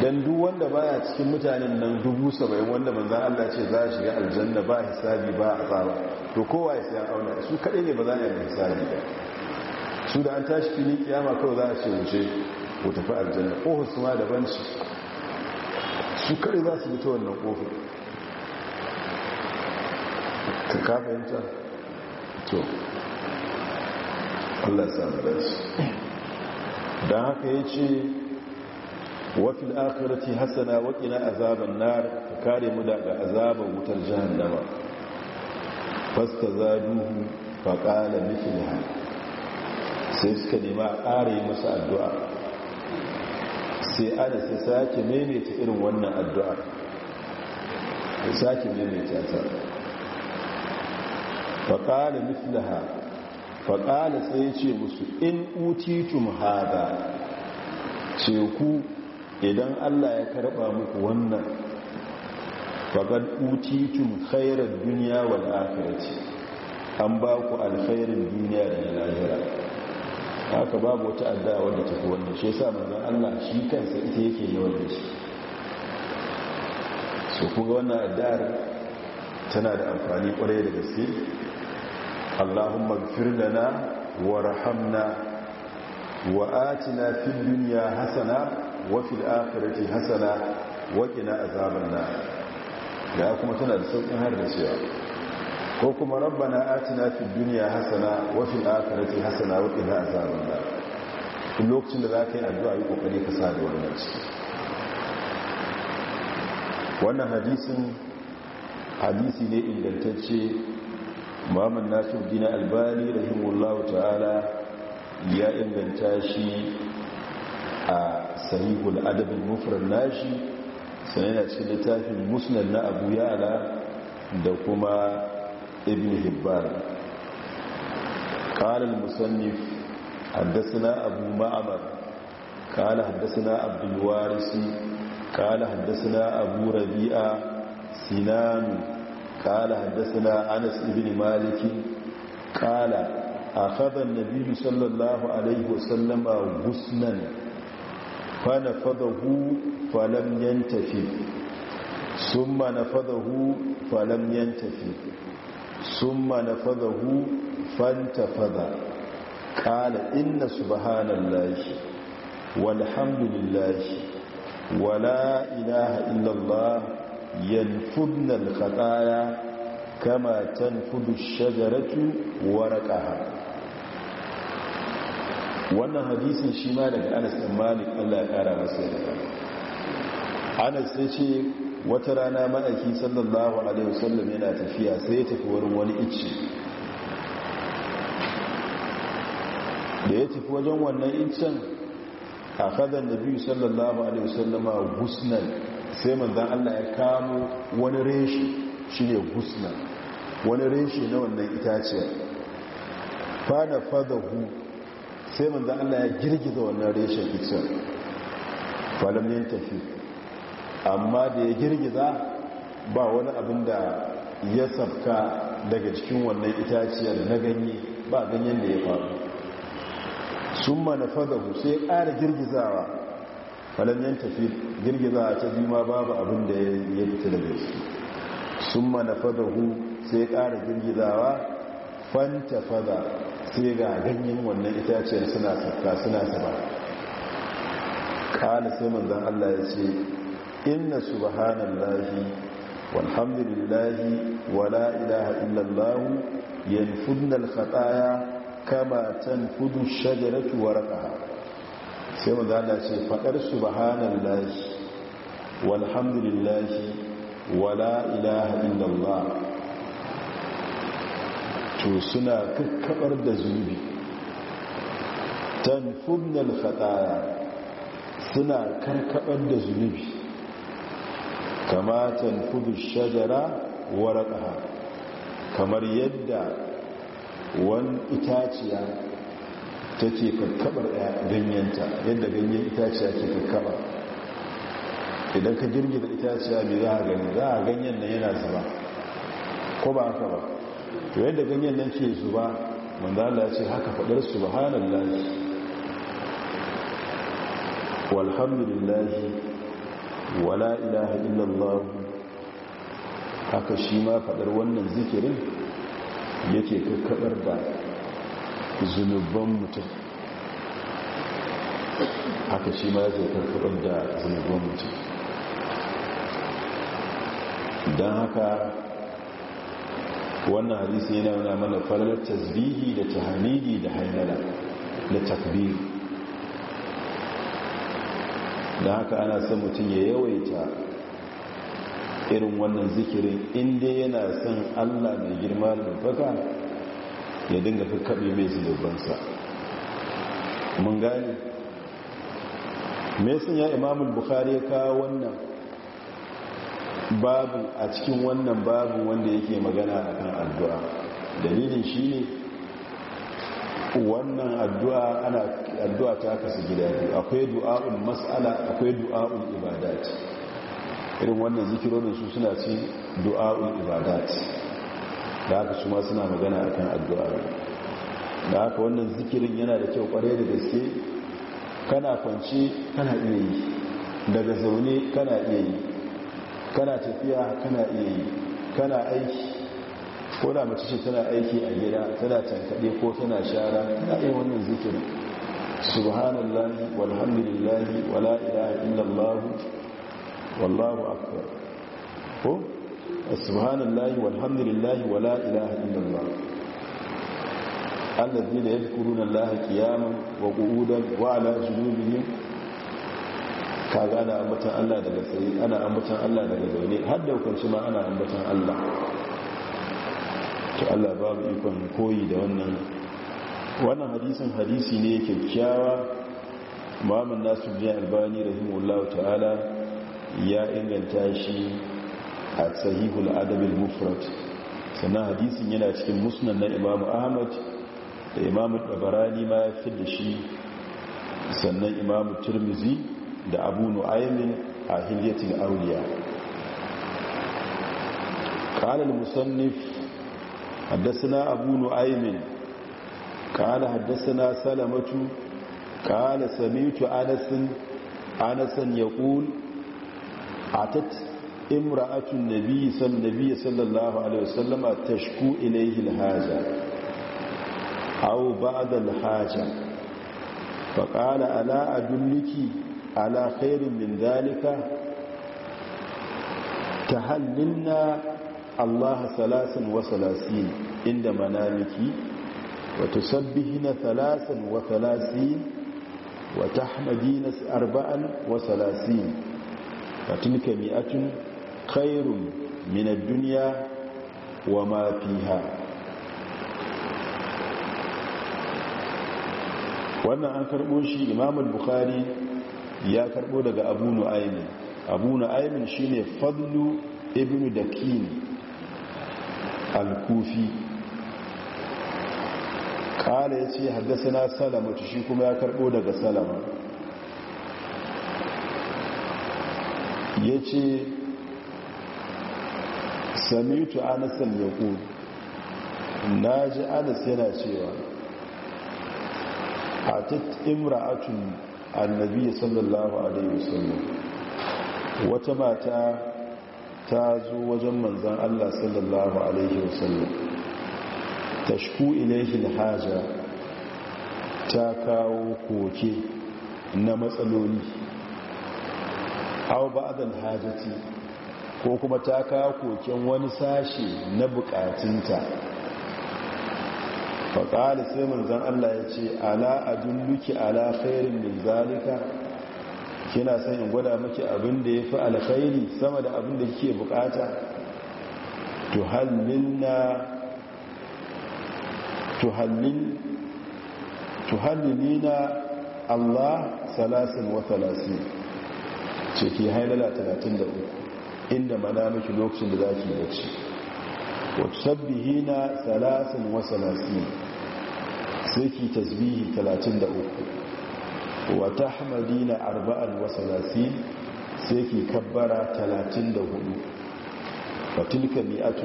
[SPEAKER 1] dan duk wanda baya cikin mutanen nan dubu 70 wanda manzon Allah ce za shiga aljanna ba hisabi ba azaba to kowa ya san auna su kadai ne ba za a yi hisabi ba su da an tashi fili kiyama kawai za a ce wuce ko tafi aljanna kofar su ma daban ce su kare za su fita wannan ta ka kafayanta to allah samu ransu don haka ya ce wafin akirati hasana waƙina azaban nar ka kare mu daga azaban wutar jihar jihannama fasta zaduhu faƙala mikin sai suka nema a ƙara masu masa addu'a sai ana sai sake maimaita irin wannan addu'a sai sake maimaita ta faƙala mislaha faƙala sai ya ce musu in utitum hada ce ku idan allah ya karɓa muku wannan uti utitum khairar duniya wal akirci an ba ku alkhairar duniya da lahira haka babu wata addu'a wadda ta fi wannan shi yasa manzan Allah shi kansa ita yake yawan da shi su kuma wannan addu'ar tana da amfani kwarai da gaske Allahumma magfir lana warhamna wa atina fi duniya hasana wa fil akhirati hasana wa qina azaban nar ya kuma tana da sauƙin har da cewa ko kuma rabbana atina fid dunya hasana wa fil akhirati hasana wa qina azaban nar lokacin da zaka yi addu'a yi kokari ka sadu wannan ciki wannan hadisin hadisi ne ingantacce Muhammad Nasir bin Albani rahimahullahu ta'ala ya inganta shi a sahihul adab al-mufrad nashi sanan cikin littafin musnad na Abu Ya'la da kuma ibn hibban قال المصنف حدثنا أبو معمر قال حدثنا عبد الوارث قال حدثنا أبو ربيعة سنان قال حدثنا أنس بن مالك قال أخذ النبي صلى الله عليه وسلم غسلا فنفضه فلم ينتفي ثم نفضه فلم ينتفي sun manafadahu fantafada kala inna subhanallahi walhamdulillahi wala ilaha illallah yanfudna alkhataya kama tanfudu shajaratu waraqaha wannan hadisin shi ma daga Anas bin Malik Allah ya kara masa yarda Anas yace wata rana ma'aiki sallallahu alaihi wasallam yana tafiya sai ya tafi wurin wani icce da ya tafi wajen wannan iccen a kadan da biyu sallallahu alaihi a gusnan sai manzan allah ya kamo wani reshi shi ne gusnan wani reshi na wannan itaciyar fada fadahu sai manzan allah ya girgiza wannan reshen iccen falamin tafiya tafi amma da ya girgiza ba wani abin da ya safka daga cikin wannan itaciyar na ganye ba ganyen da ya faru sun manafadahu sai ƙara girgizawa falanyen tafi tafi girgizawa ta ma babu abin da ya fita daga ciki sun hu sai ƙara girgizawa fanta fada sai ga ganyen wannan itaciyar suna safka suna saba ƙala sai manzan allah ya ce inna subhanallahi walhamdulillahi wala ilaha illallah yanfudna alkhataya kama tanfudu shajaratu warqaha sai manzala ce fadar subhanallahi walhamdulillahi wala ilaha illallah to suna kakkabar da zunubi tanfudna alkhataya suna karkabar da zunubi kama tanfudu shajara waraqaha kamar yadda wani itaciya take kakkabar ganyenta yadda ganyen itaciya ke kakkaba idan ka girgiza itaciya mai za a gani za a ganyen nan yana zuba ko ba haka ba to yadda ganyen nan ke zuba manzala ya ce haka faɗar su subhanallah walhamdulillahi wala ilaha illallah haka shi ma faɗar wannan zikirin yake kakkaɓar da zunuban mutum haka shi ma yake kakkaɓar da zunuban mutum don haka wannan hadisi yana mana farar tasbihi da tahamidi da hainala da takbiri da haka ana son mutum ya yawaita irin wannan zikirin inda yana son allah mai girma da mafaka ya dinga fi kaɓe mai zunubansa mun gane mesin ya imamun bukari ya kawo wannan babu a cikin wannan babu wanda yake magana akan addu'a dalilin shi ne wannan addu'a ana addu'a ta su gida biyu akwai du'a'ul mas'ala akwai du'a'ul ibadat irin wannan zikirorin su suna ci du'a'ul ibadat da haka su suna magana akan addu'a da haka wannan zikirin yana da kyau kwarai da gaske kana kwanci kana iya yi daga zaune kana iya yi kana tafiya kana iya yi kana aiki ko da mace ce tana aiki a gida tana tankaɗe ko tana shara tana yi wannan zikirin Subhanallah, walhamdulillahi wala ilaha illallah wallahu akbar ko subhanallah, walhamdulillahi wala ilaha illallah allazi da yadhkuruna allaha qiyaman wa qu'udan wa ala junubihim kaga ana ambatan Allah daga tsaye ana ambatan Allah daga zaune har da hukunci ma ana ambatan Allah to Allah ba ikon koyi da wannan wannan hadisin hadisi ne kyakkyawa Muhammad nasu bin albani rahimahullahu ta'ala ya inganta shi a sahihul al mufrad sannan hadisin yana cikin musnad na Imam ahmad da Imam tabarani ma ya fi da shi sannan Imam Tirmidhi da abu nu'aymin a hilyatul auliya قال المصنف حدثنا أبو نعيم قال حدثنا سلمة قال سميت أنس أنسا يقول أتت امرأة النبي صلى النبي صلى الله عليه وسلم تشكو إليه الهاجة أو بعد الحاجة فقال ألا أدلك على خير من ذلك تهللنا Allah salasin wa salasin inda manamiki wa na salasan wa salasin wa tahmadina arba'an wa salasin fatilka mi'atun khairun min ad-dunya wa ma fiha wannan an karɓo shi Imam bukhari ya karɓo daga Abu Nu'aym Abu Nu'aym shine Fadlu ibn Dakin al-kufi kala ya ce haddasa na salama shi kuma ya karbo daga salama ya ce samitu anasan ya ku na ji anas yana cewa a imra'atun annabi sallallahu alaihi wasallam wata mata ta zo wajen manzan Allah sallallahu alaihi wasallam tashku ilaihi haja ta kawo koke na matsaloli hau ba'adar hajjati ko kuma ta kawo koken wani sashi na bukatunta faƙali sai manzan Allah ya ce ala duki ala fairin min zalika kina son in gwada miki abin da ya fi alkhairi sama da abin da kike bukata Tu tuhallin tuhallinina Allah salasin wa salasi ce ki hailala 33 inda mana miki lokacin da za ki bacci wa na salasin wa salasi sai ki tasbihi 33 wa Hamadina arba'ar wasa nasi, sai ke kabbara talatin da hudu wa tilka mi'atu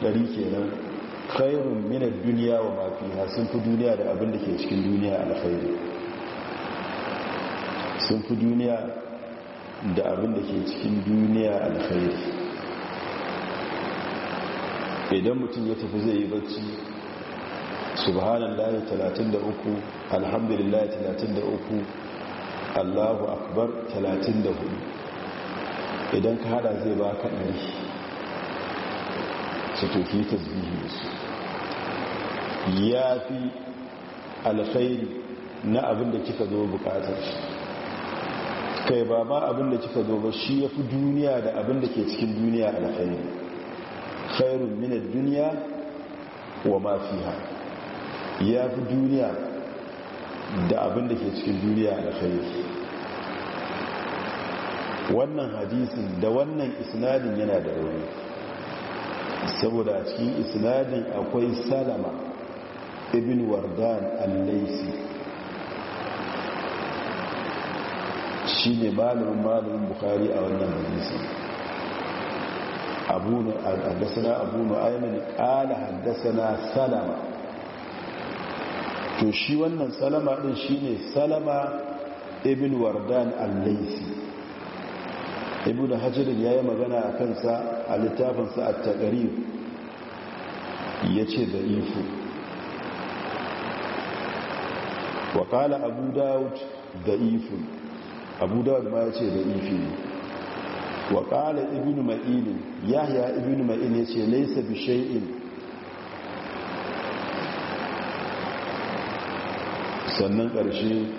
[SPEAKER 1] dari kenan khairun min duniya wa mafi fiha sun fi duniya da abin da ke cikin duniya alkhairi sun fi duniya da abin da ke cikin duniya alkhairi idan mutum ya tafi zai yi bacci subhanallahi 33 da 33 allahu akbar 34 idan ka hada zai ba ka ɗari su toke ta da su ya fi alkhairi na abinda kika zo bukatar shi kai ba ma abinda kika zo ba shi ya fi duniya da abinda ke cikin duniya alfairi khairun minar duniya wa mafiha ya fi duniya da abin da ke cikin duniya da kai wannan hadisin da wannan isnadin yana da rauni saboda a cikin isnadin akwai salama ibn wardan al-laisi shi ne malamin malamin bukari a wannan hadisin abu na haddasa na abu na ƙala haddasa na salama to shi wannan salama din shine salama ibn wardan al-laisi ibn hajar yayi magana a kansa a littafinsa at-taqrib yace da ifu wa abu daud da ifu abu daud ma yace da ifi wa qala ibn ma'in yahya ibn ma'in yace laysa bi shay'in sannan ƙarshe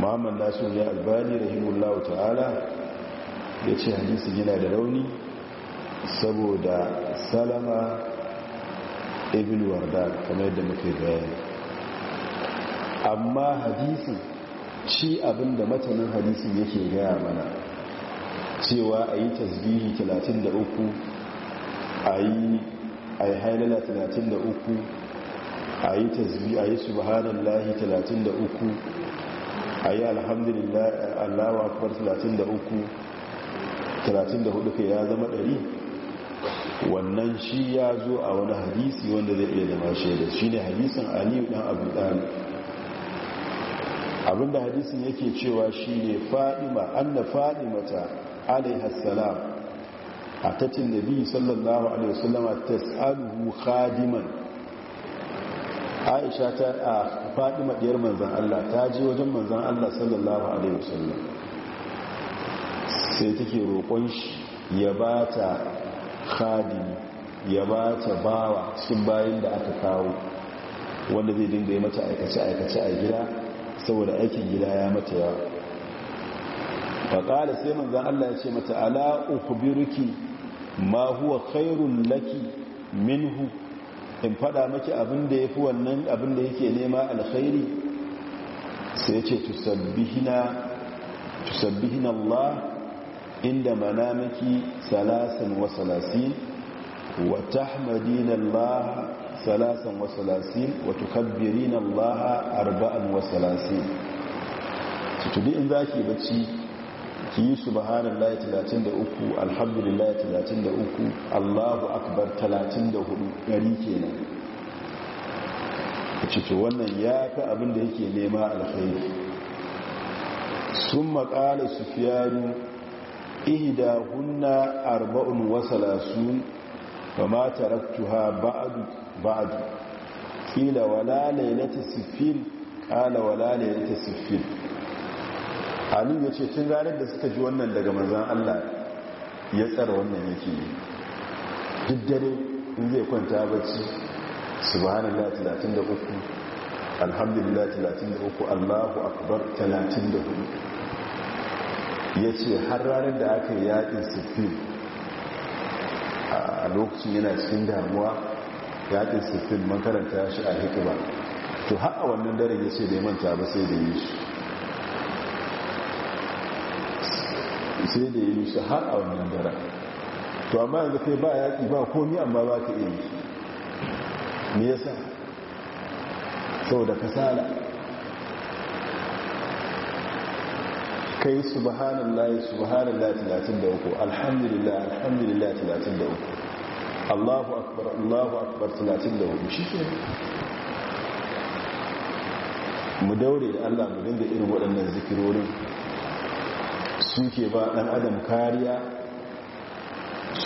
[SPEAKER 1] muhammad nasu ya albani rahimullahu ta'ala ya ce hadisi yana da rauni saboda salama ibn warda kamar yadda muke bayani amma hadisi shi abinda matanin hadisin yake gaya mana cewa a yi tasbihi 33 a yi a yi hailala 33 a yi tasbi a yi subhanallahi 33 a yi alhamdulillah allawa akbar 33 34 kai ya zama 100 wannan shi ya zo a wani hadisi wanda zai iya zama shaida shi ne hadisin aliyu dan abu ɗalib abinda hadisin yake cewa shi ne fa'ima an na fa'imata alaihassalam a tattin nabi sallallahu alaihi wasallama tas'aluhu khadiman aisha ta a faɗi maɗiyar manzan Allah ta ji wajen manzan Allah sallallahu alaihi wasallam sai take roƙon shi ya ba ta khadimi ya ba ta bawa cikin bayan da aka kawo wanda zai dinga yi mata aikace-aikace a gida saboda aikin gida ya mata yawa faƙala sai manzan Allah ya ce mata ala ukubirki ma huwa khairun laki minhu in fada maki abin da ya fi wannan abin da yake nema alkhairi sai ce tusabbihina Allah inda manamaki salasan wa wa tahmadina Allah salasan wa wa tukabbirina Allah arba'an wa salasin in zaki bacci ki yi subhanallahi 33 alhamdulillahi 33 Allahu akbar 34 gari kenan kace to wannan ya fi abin da yake nema alkhairi summa qala sufyanu ihida hunna arba'un wa salasun fama taraktuha ba'adu ba'd wala laylati siffin, qala wala laylati sifil aliyu ya ce tun ranar da suka ji wannan daga manzan allah ya tsara wannan yake yi duk dare in zai kwanta bacci subhanallah 33 alhamdulillah 33 allahu akbar 34 ya ce har ranar da aka yi siffin a lokacin yana cikin damuwa yaƙin siffin makaranta shi a hikima to har wannan daren ya ce da ya manta ba sai da yi shi sai da yi su har a wannan dara to amma yanzu kai ba yaƙi ba komi amma ba ka iya yi me yasa saboda kasala kai subhanallahi da 33 alhamdulillah alhamdulillah 33 Allahu akbar Allahu akbar shi shike mu daure da Allah mu dinga irin waɗannan zikirorin suke ba ɗan adam kariya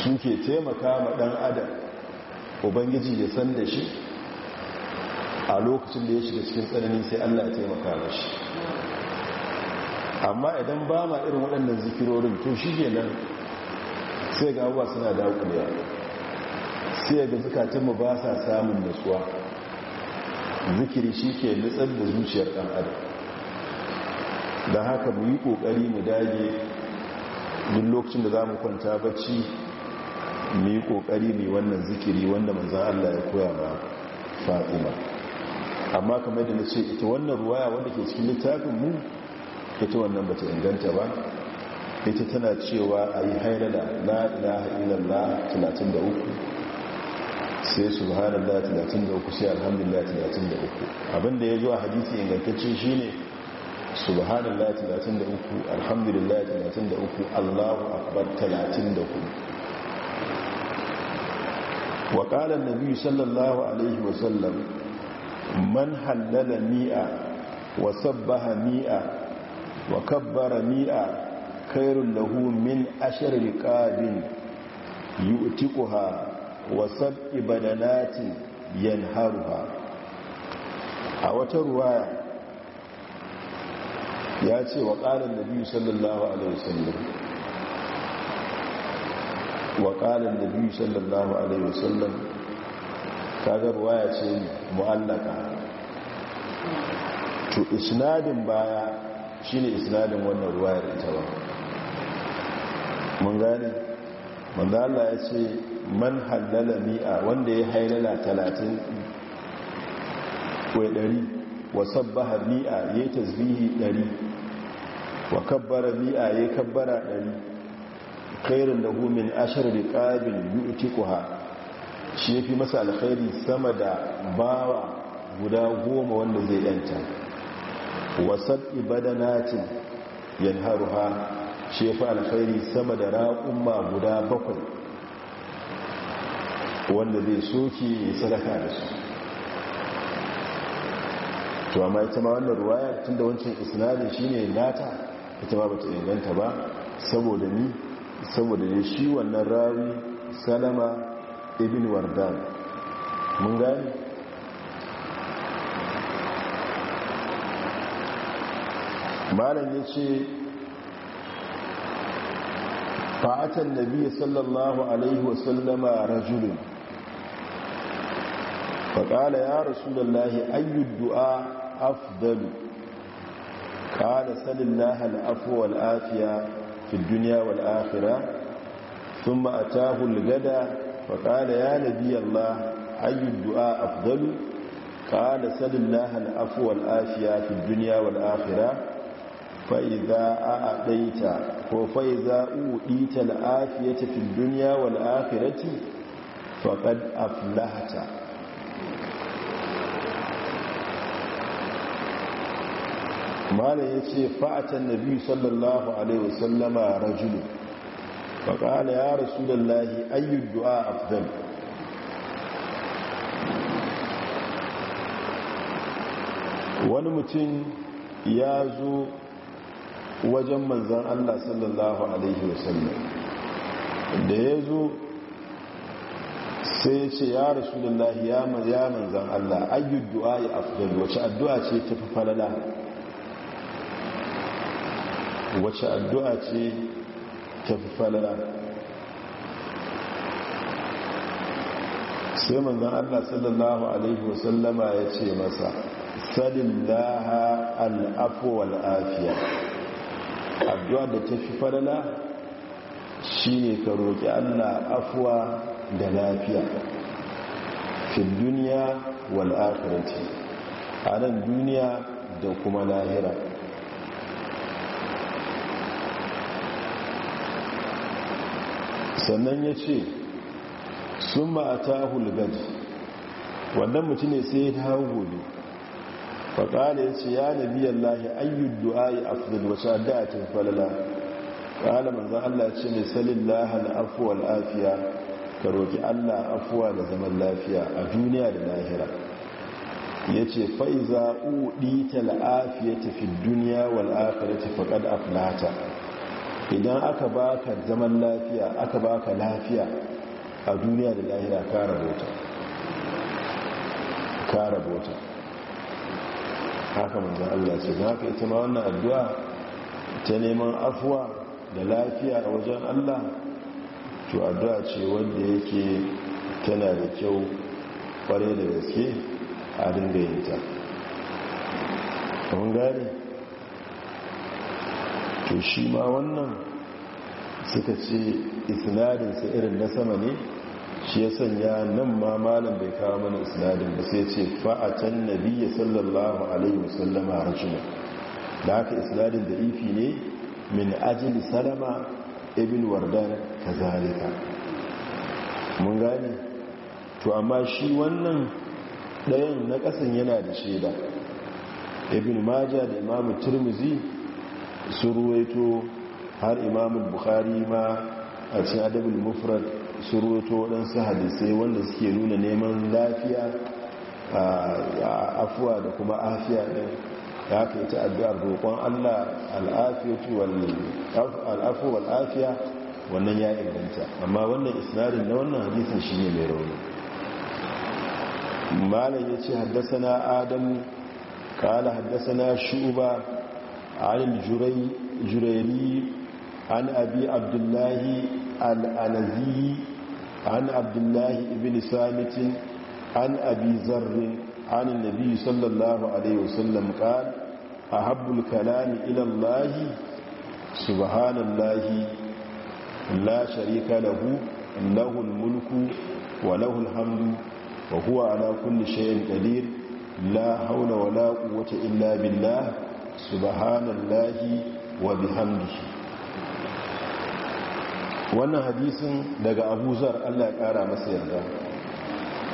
[SPEAKER 1] suke taimaka ma ɗan adam ubangiji ya san da shi a lokacin da ya shiga cikin tsanani sai allah ya taimaka mashi shi amma idan ba ma irin waɗannan zikirorin to shi ne nan sai ga abuwa suna dakuliya sai ga zukatunmu ba sa samun nasuwa zikiri shi ke nutsar da zuciyar ɗan adam don haka mu yi ƙoƙari mu dage duk lokacin da za mu kwanta bacci mu yi ƙoƙari mai wannan zikiri wanda manzan Allah ya koya ma fa'ima amma kamar da na ce ita wannan ruwaya wanda ke cikin littafin mu ita wannan bata inganta ba ita tana cewa a yi hairada la ilaha illallah 33 sai subhanallah 33 sai alhamdulillah 33 abinda ya zo a hadisi ingantacce ne. subhanallah 33 alhamdulillah 33 allahu akbar 34 wa qala an-nabi sallallahu alaihi wa sallam man hallala mi'a wa sabbaha mi'a wa kabbara mi'a khairul lahu min ashri riqabin yu'tiquha wa sab'i badanatin yanharuha a wata ruwaya ya ce wa ƙarin da biyu sallallahu alaihi wasallam wa ƙalin da biyu sallallahu alaihi wasallam kagar waya ce mu'allaka to isnadin baya shine isnadin wannan ruwayar ita ba mun gane wanda Allah ya ce man halala mi'a wanda ya hailala talatin ko wasan wa sabbaha mi'a yayi tasbihi ɗari. wa kabbara mi'a ya kabbara ɗari kairin da gumin ashir riƙabin yu'tikuha shi ya fi masa alkhairi sama da bawa guda goma wanda zai yanta wasan ibadanacin yanharuha shi ya fi alkhairi sama da ra'umma guda bakwai wanda zai soke sadaka da su to amma ita ma wannan ruwayar tun da wancan isnadin shine nata ita ba bata inganta ba saboda ni saboda ne shi wannan rawi salama ibn wardan mun gani malam ya ce fa'atan nabi sallallahu alaihi wasallama rajulun faƙala ya rasu lallahi ayyud du'a afdalu قال سل الله العفو والعافية في الدنيا والآخرة ثم أتاه الغدا فقال يا نبي الله أي الدعاء أفضل قال سل الله العفو والعافية في الدنيا والآخرة فإذا أعطيت وفإذا أوئيت العافية في الدنيا والآخرة فقد أفلحت mala ya ce fa'atan biyu sallallahu alaihi wasallama rajulu ƙala ya rasu da lahi ayyud du'a afdal wani mutum ya zo wajen manzan Allah sallallahu Alaihi wasallam da ya zo sai ce ya rasu da lahi ya manzan Allah ayyud du'a ya afdal wace addu'a ce ta fi falala wace addu'a ce ta fi falala sai manzan allah sallallahu alaihi wasallama ya ce masa sadin daha al'afu wal'afiya addu'a da ta tafi falala shi ne ka roƙi allah afuwa da lafiya fi duniya wal'afirci a nan duniya da kuma lahira sannan ya ce sun ta hulgaji wannan mutum ne sai ya hau gobe faƙala ya ce ya lahi, ayyun ayyud du'a'i afdal wacce addu'atin falala ƙala manzan Allah ce ne salin lahal afuwa lafiya ka roƙi Allah afuwa da zaman lafiya a duniya da lahira ya ce fa'iza uɗi ta la'afiya tafi duniya wal'afiyar tafi ƙad aflata idan aka baka zaman lafiya aka baka lafiya a duniya da lahira ka rabota ka rabota haka manzan Allah ce za ka ita ma wannan addu'a ta neman afuwa da lafiya a wajen Allah to addu'a ce wanda yake tana da kyau kware da gaske a dinga yin ta. to shi ma wannan suka ce isnadinsa irin na sama ne shi ya sanya nan ma malam bai kawo mana isnadin ba sai ce fa'atan nabiya sallallahu alaihi wasallama rajula da haka isnadin da ifi ne min ajin salama ibn wardan kazalika mun gane to amma shi wannan ɗayan na ƙasan yana da shaida ibn Maja da imamu turmuzi su ruwaito har imamun bukhari ma a cikin adabin mufrad su ruwaito waɗansu hadisai wanda suke nuna neman lafiya a afuwa da kuma afiya ɗin ka yi ta addu'ar roƙon allah al'afu wal'afiya wannan ya inganta amma wannan isnadin na wannan hadisin shi ne mai rauni malam ya ce haddasa na adamu ka ƙala haddasa na shuba عن الجريري عن أبي عبد الله الأنزي عن عبد الله بن سامت عن أبي ذر عن النبي صلى الله عليه وسلم قال أحب الكلام إلى الله سبحان الله لا شريك له له الملك وله الحمد وهو على كل شيء قدير لا حول ولا قوة إلا بالله subhanallahi wa bihamdihi wannan hadisin daga Abu Zar Allah ya kara masa yarda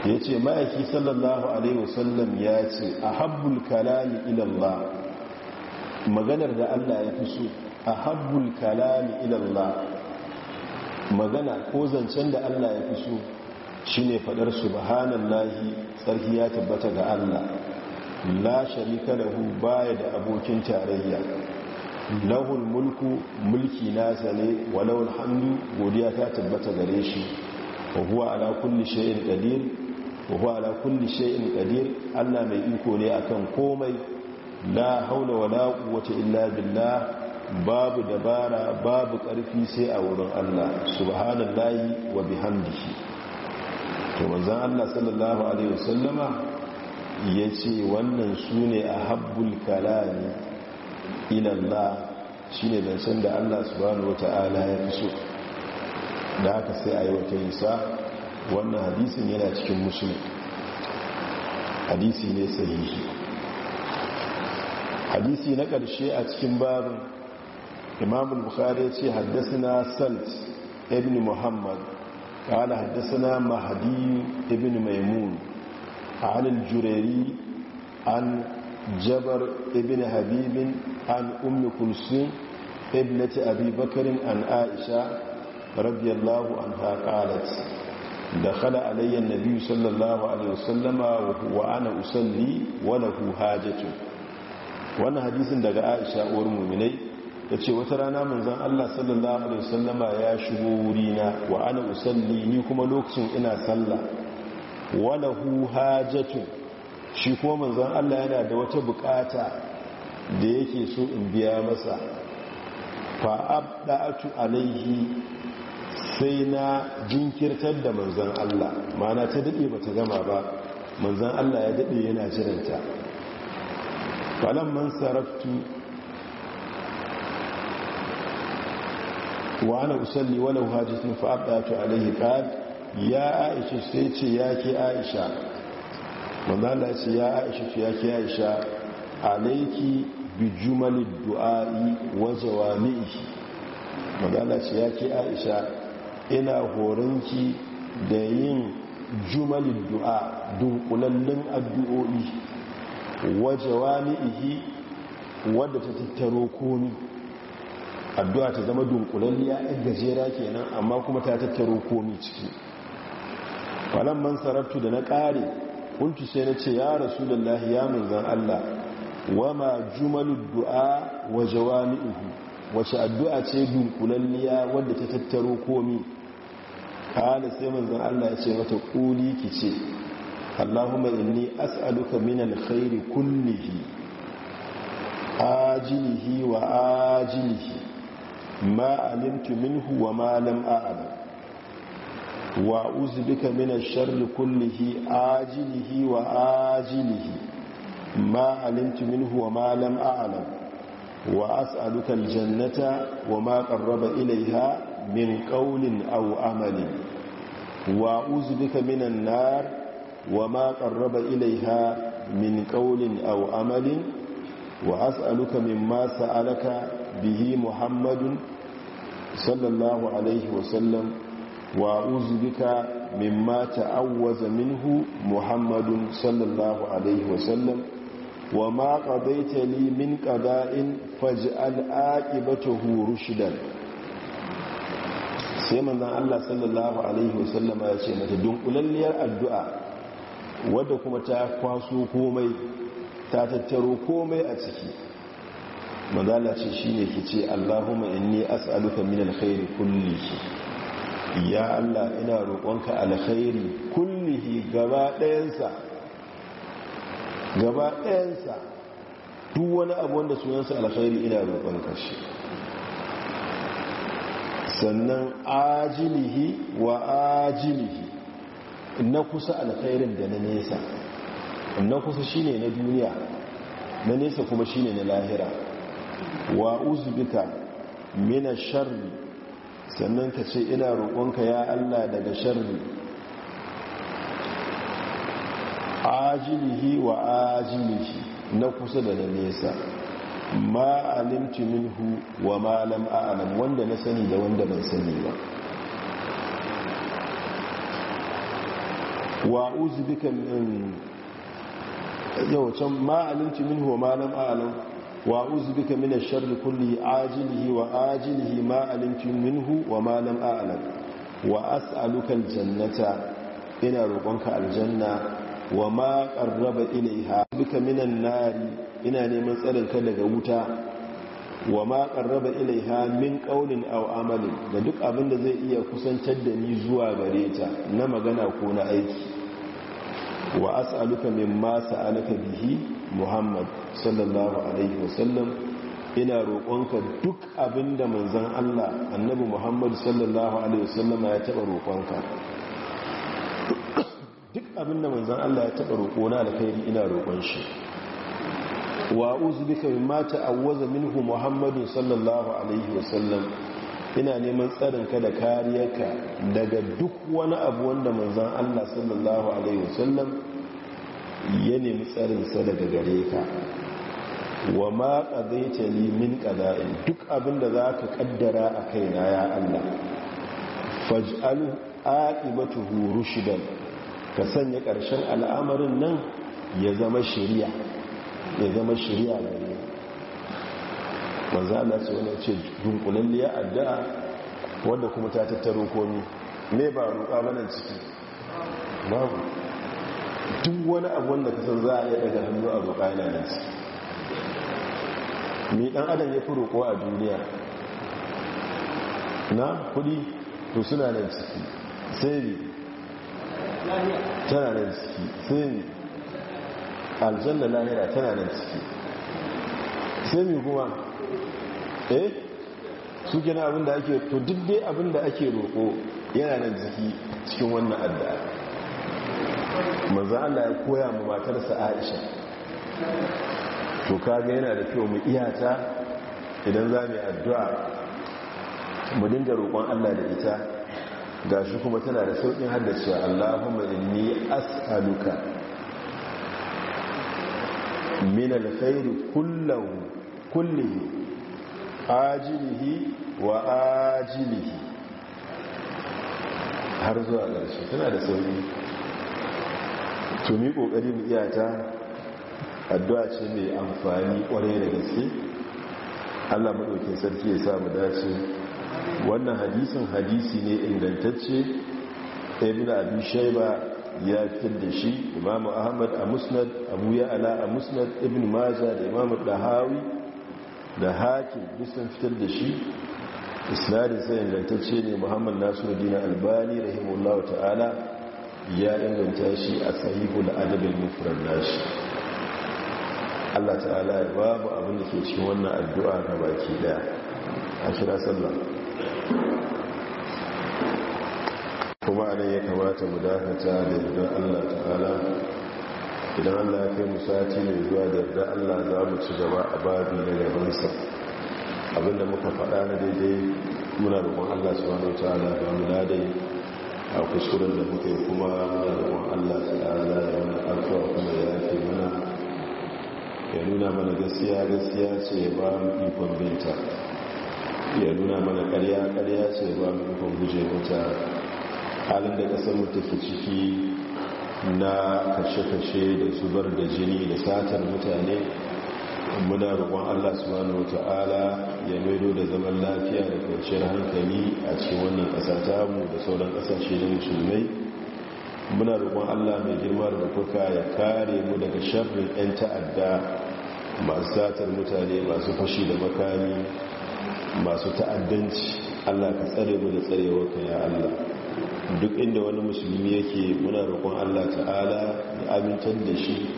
[SPEAKER 1] yace ma'aiki sallallahu alaihi wasallam yace ahabbul kalami ila maganar da Allah ya fi so ahabbul kalami ila magana ko zancen da Allah ya fi so shine faɗar subhanallahi sarki ya tabbata ga Allah la sharika lahu baya da abokin tarayya lahul mulku mulki nasa ne walawul hamdu godiya ta tabbata gare shi wa huwa ala kulli shay'in qadir wa huwa ala kulli shay'in qadir Allah mai iko ne akan komai la haula wala quwwata illa billah babu dabara babu karfi sai a wurin Allah subhanallahi wa bihamdihi to manzon Allah sallallahu alaihi wasallama ya ce wannan su ne a habbul kalani ilalla shi ne zancen da allah subhanahu wata'ala ya fi so da haka sai a yi wata nisa wannan hadisin yana cikin musulun hadisi ne sahihi hadisi na ƙarshe a cikin babin al bukhari ya ce haddasa na salt ibn muhammad قال حدثنا mahadi ibn maimun عن الجريري عن Ibn Habibin, حبيب عن أم كلسي ابنة أبي بكر عن آئشة رضي الله عنها قالت دخل علي النبي صلى الله عليه وسلم وهو أنا أسلي وله حاجته wannan hadisin daga aisha uwar muminai ta ce wata rana manzan allah sallallahu alaihi ya shigo wurina wa ana usalli ni kuma lokacin ina sallah hu hajatu shi ko manzon Allah yana da wata bukata da yake so in biya masa fa abda'atu alaihi sai na jinkirtar da manzon Allah mana ta dade bata gama ba manzon Allah ya dade yana jiranta man saraftu wa ana usalli walau hajatun fa alaihi qad ya aisha sai ce ya ke aisha manzala ce ya aisha ya ke aisha alaiki bi jumalin du'a'i wajewa ni'ihi manzala ce ya ke aisha ina horonki da yin jumalin du'a dunkulallin addu'o'i wajewa ni'ihi wadda ta tattaro komi addu'a ta zama dunkulalliya a gajera kenan amma kuma ta tattaro komi ciki falon man sarabtu da na ƙare kuntu sai na ce ya rasu da lahiya manzan Allah ma jumalu du'a wa jawami'uhu wace addu'a ce dunkulalliya wadda ta tattaro komi kana sai manzan Allah ya ce mata kuli ki ce Allahumma inni as'aluka min alkhairi kullihi ajilihi wa ajilihi ma alimtu minhu wa ma lam a'lam wa uzbika min ash-sharri kullihi ajilihi wa ajilihi ma alimtu minhu wa ma lam a'lam wa as'aluka al-jannata wa ma qarraba ilayha min qawlin aw amalin wa uzbika min an-nar wa ma qarraba ilayha min qawlin aw amalin wa as'aluka mimma sa'alaka bihi muhammadun sallallahu alayhi wa sallam wa uzbika mimma ta'awwaza minhu muhammadun sallallahu alaihi wasallam wa ma qadaita li min qada'in faj'al aqibatahu rushdan sai manzon Allah sallallahu alaihi wasallam ya ce mata dunkulalliyar addu'a wadda kuma ta kwaso komai ta tattaro komai a ciki manzon Allah ce shine kice Allahumma inni as'aluka min alkhairi kullihi ya Allah ina roƙonka alkhairi kullihi gaba ɗayansa gaba ɗayansa duk wani abu wanda sunansa alkhairi ina roƙonka shi sannan ajilihi wa ajilihi na kusa alkhairin da na nesa na kusa shine na duniya na nesa kuma shine na lahira wa uzbika mina sharri sannan ka ce ina roƙonka ya Allah daga sharri ajilihi wa ajilihi na kusa da na nesa ma alimci minhu wa ma lam a'lam wanda na sani da wanda ban sani ba wa uzbika min yau can ma alimci minhu wa ma lam a'lam wa uzu duka mina sharri kulli ajilihi wa ajilihi ma alimtin minhu wa ma lam a'lam wa as'aluka ina roƙonka aljanna wa ma qarraba ilayha duka minan nari ina neman tsarinka daga wuta wa ma qarraba ilayha min qawlin aw amalin da duk abinda zai iya kusantar da ni zuwa gareta na magana ko na aiki wa as'aluka mimma sa'alaka bihi muhammad sallallahu alaihi wasallam ina roƙonka duk abinda manzon Allah annabi muhammad sallallahu alaihi wasallam ya taba roƙonka duk abinda manzon Allah ya taba roƙona kai ina roƙon shi wa uzbika mimma ta'awwaza minhu Muhammad sallallahu alaihi wasallam ina neman tsarin ka da kariyarka daga duk wani abu wanda manzan Allah sallallahu alaihi wasallam ya nemi tsarinsa daga gare ka wa ma qadaita li min duk abin da ka kaddara a kaina ya Allah faj'al huru shidan ka sanya ƙarshen al'amarin nan ya zama shirya ya zama manzo Allah ce wani ce dunkulalliya addu'a wanda kuma ta tattaro komi me ba roƙa mana ciki babu duk wani abu wanda ka san za a yi daga hannu a roƙa yana nan ciki me dan adam ya fi roƙo a duniya na kuɗi to suna nan ciki sai tana nan ciki sai aljanna lahira tana nan ciki sai mai kuma eh su gina abinda ake to duk dai abinda ake roƙo yana nan jiki cikin wannan addu'a manzo Allah ya koya mu matarsa Aisha to kaga yana da kyau mu iyata idan za mu addu'a mu dinga roƙon Allah da ita gashi kuma tana da sauƙin haddacewa Allahumma inni as'aluka min alkhairu kullahu kullihi ajilihi wa ajilihi har zuwa ƙarshe tana da sauri tumi ƙoƙari mu iya ta addu'a ce mai amfani ƙwarai da gaske allah maɗaukin sarki ya samu dace wannan hadisin hadisi ne ingantacce ibn abi shaiba ya fitar da shi imamu ahmad a musnad abu ala a musnad ibn maza da imamu dahawi da haƙi bisan fitar da shi isnadin sai ingantacce ne muhammad nasu dina albani rahimullahu ta'ala ya inganta shi a da adabin mufurar nashi Allah ta'ala ya babu abin da ke cikin wannan addu'a ga baki daya a kira sallah kuma anan ya kamata mu dakata da yadda Allah ta'ala idan allah ya kai musati mai zuwa da yadda allah za mu ci gaba a babi na yabansa abinda muka faɗa na daidai muna roƙon allah su wani wata ala ba mu ladai a kuskuren da muka yi kuma muna roƙon allah su ala ya wani alfawa kuma ya ke mana ya nuna mana gaskiya gaskiya ce ya ba mu ikon binta ya nuna mana karya karya ce ba mu ikon guje mata halin da ƙasar mu take ciki na kashe-kashe da zubar da jini da satar mutane muna rukun allah subhanahu wata'ala ya maido da zaman lafiya da kwanciyar hankali a cikin wannan ƙasa tamu da sauran ƙasashe na musulmai muna rukun allah mai girma da kuka ya kare mu daga shafin 'yan ta'adda masu satar mutane masu fashi da makami masu ta'addanci allah ka tsare mu da ka ya allah duk inda wani musulmi yake muna roƙon Allah ta'ala ya amintar da shi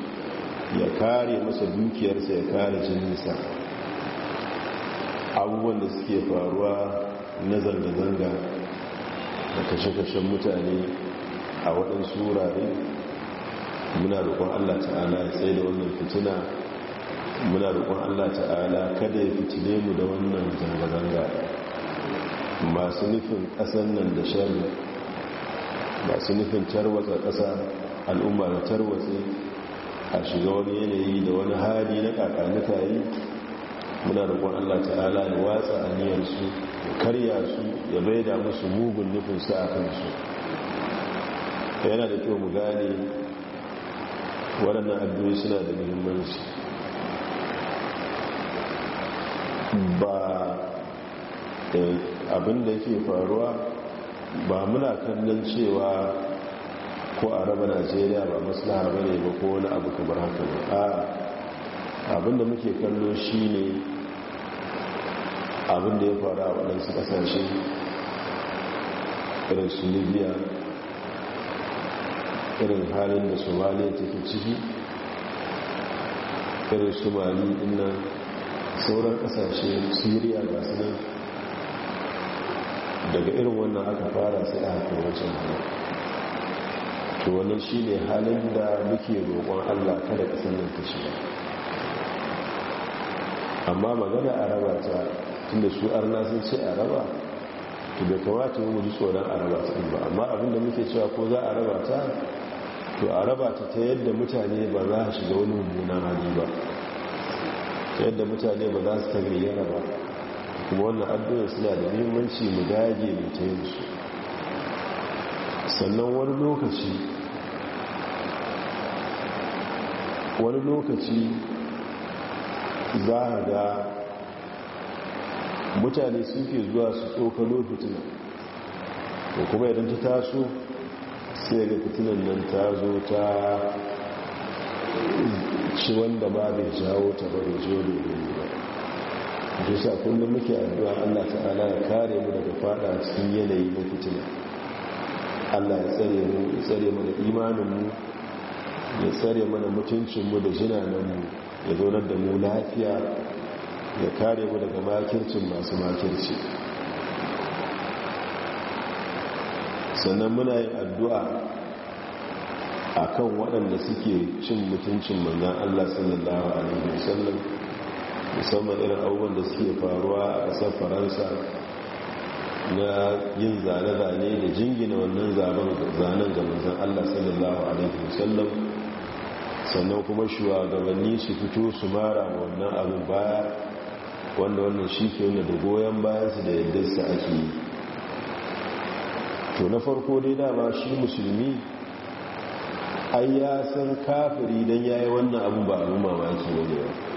[SPEAKER 1] ya kare masa dukiyarsa ya kare jininsa abubuwan da suke faruwa na zanga-zanga da kashe-kashen mutane a waɗansu wurare muna roƙon Allah ta'ala ya tsaye da wannan fitina muna roƙon Allah ta'ala kada ya fitile mu da wannan zanga-zanga masu nufin ƙasar nan da shari'a masu nufin tarwatsa ƙasa al'umma da tarwatsa a shiga wani yanayi da wani hali na kakanuka yi muna ƙwan Allah ta'ala da watsa a aniyarsu ya karya su ya maida musu mugun su a kansu yana da kyau mu gane waɗannan addu'o'i suna da muhimmanci ba eh, abin da yake faruwa ba muna kallon cewa ko a raba najeriya ba maslaha ba ne ba ko wani abu kamar haka ba a abinda muke kallo shi ne abinda ya faru a waɗansu ƙasashe irin su libya irin halin da somaliya take ciki irin su mali ina sauran ƙasashe syria ba su nan daga irin wannan aka fara sai a haƙi wancan hannu to wannan shi ne halin da muke roƙon allah kada ƙasar nan ta shiga amma magana a raba ta tun da su arna sun ce a raba to bai kawata mu muji tsoron a raba ta ba amma abinda muke cewa ko za a raba ta to a raba ta ta yadda mutane ba za a shiga wani mummunan hali ba ta yadda mutane ba za su tagayyara ba kuma wannan addinin suna da muhimmanci mu dage mu ta yin su sannan wani lokaci wani lokaci za a ga mutane suke zuwa su tsokalo fitina da kuma idan ta taso sai ga fitinan nan ta zo ta ci wanda ba bai jawo ta ba bai da ba shi sa kullum muke addu'a Allah ta'ala ya kare mu daga fada cikin yanayi na fitina Allah ya tsare mu ya tsare mana imanin mu ya tsare mana mutuncin mu da jinanan mu ya zaunar da mu lafiya ya kare mu daga makircin masu makirci sannan muna yin addu'a akan waɗanda suke cin mutuncin manzan Allah sallallahu alaihi wasallam musamman irin abubuwan da suke faruwa a ƙasar faransa na yin zane-zane da jingina wannan zanen ga manzan allah sallallahu alaihi wasallam sannan kuma shugabanni su fito su mara wannan abin baya wanda wannan shi ke wanda da goyon bayansu da su ake yi to na farko dai dama shi musulmi ai ya san kafiri don ya yi wannan abu ba abin mamaki wani yau.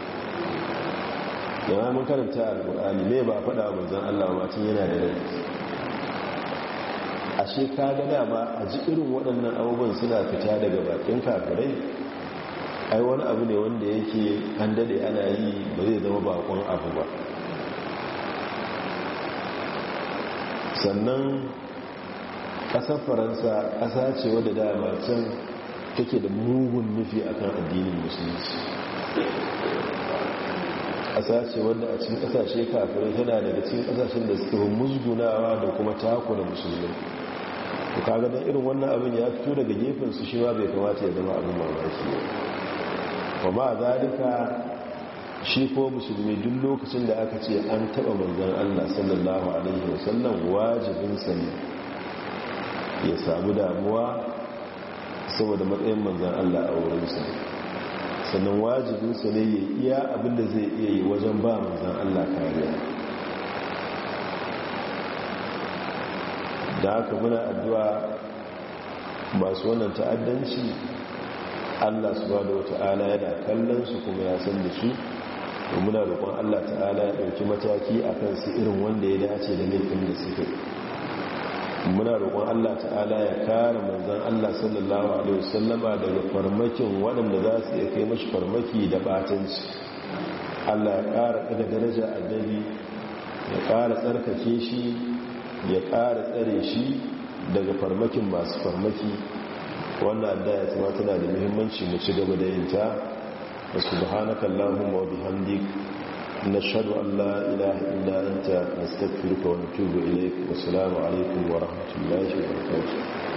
[SPEAKER 1] yana mun karanta alkur'ani mai ba faɗa a manzan allah tun yana da rai ashe ka ga dama a ji irin waɗannan abubuwan suna fita daga bakin kafirai ai wani abu ne wanda yake an daɗe ana yi ba zai zama bakon abu ba sannan ƙasar faransa ƙasa ce wadda dama can take da mugun nufi a kan addinin musulunci ƙasa ce wanda a cikin ƙasashe kafirai tana daga cikin kasashen da suke musgunawa da kuma taku da musulmi to kaga dan irin wannan abin ya fito daga gefen su shi ba bai kamata ya zama abin mamaki ba ma zalika shi ko musulmi duk lokacin da aka ce an taɓa manzon Allah sallallahu alaihi wasallam wajibin sa ne ya samu damuwa saboda matsayin manzon Allah a wurin sa sannan wajibinsa ne ya iya abinda zai iya yi wajen ba manzan Allah kariya da haka muna addu'a masu wannan ta'addanci Allah su ba da wata'ala yana kallon su kuma ya san da su muna roƙon Allah ta'ala ya ɗauki mataki a kan su irin wanda ya dace da laifin da suka muna roƙon Allah ta'ala ya kare manzon Allah sallallahu alaihi wasallama daga farmakin waɗanda za su iya kai mashi farmaki da batanci Allah ya ƙara daga daraja addabi ya ƙara tsarkake shi ya ƙara tsare shi daga farmakin masu farmaki wannan da ya tana da muhimmanci mu ci gaba da yin ta wa subhanakallahumma wa bihamdika نشهد أن لا إله إلا أنت نستغفرك ونتوب إليك والسلام عليكم ورحمة الله وبركاته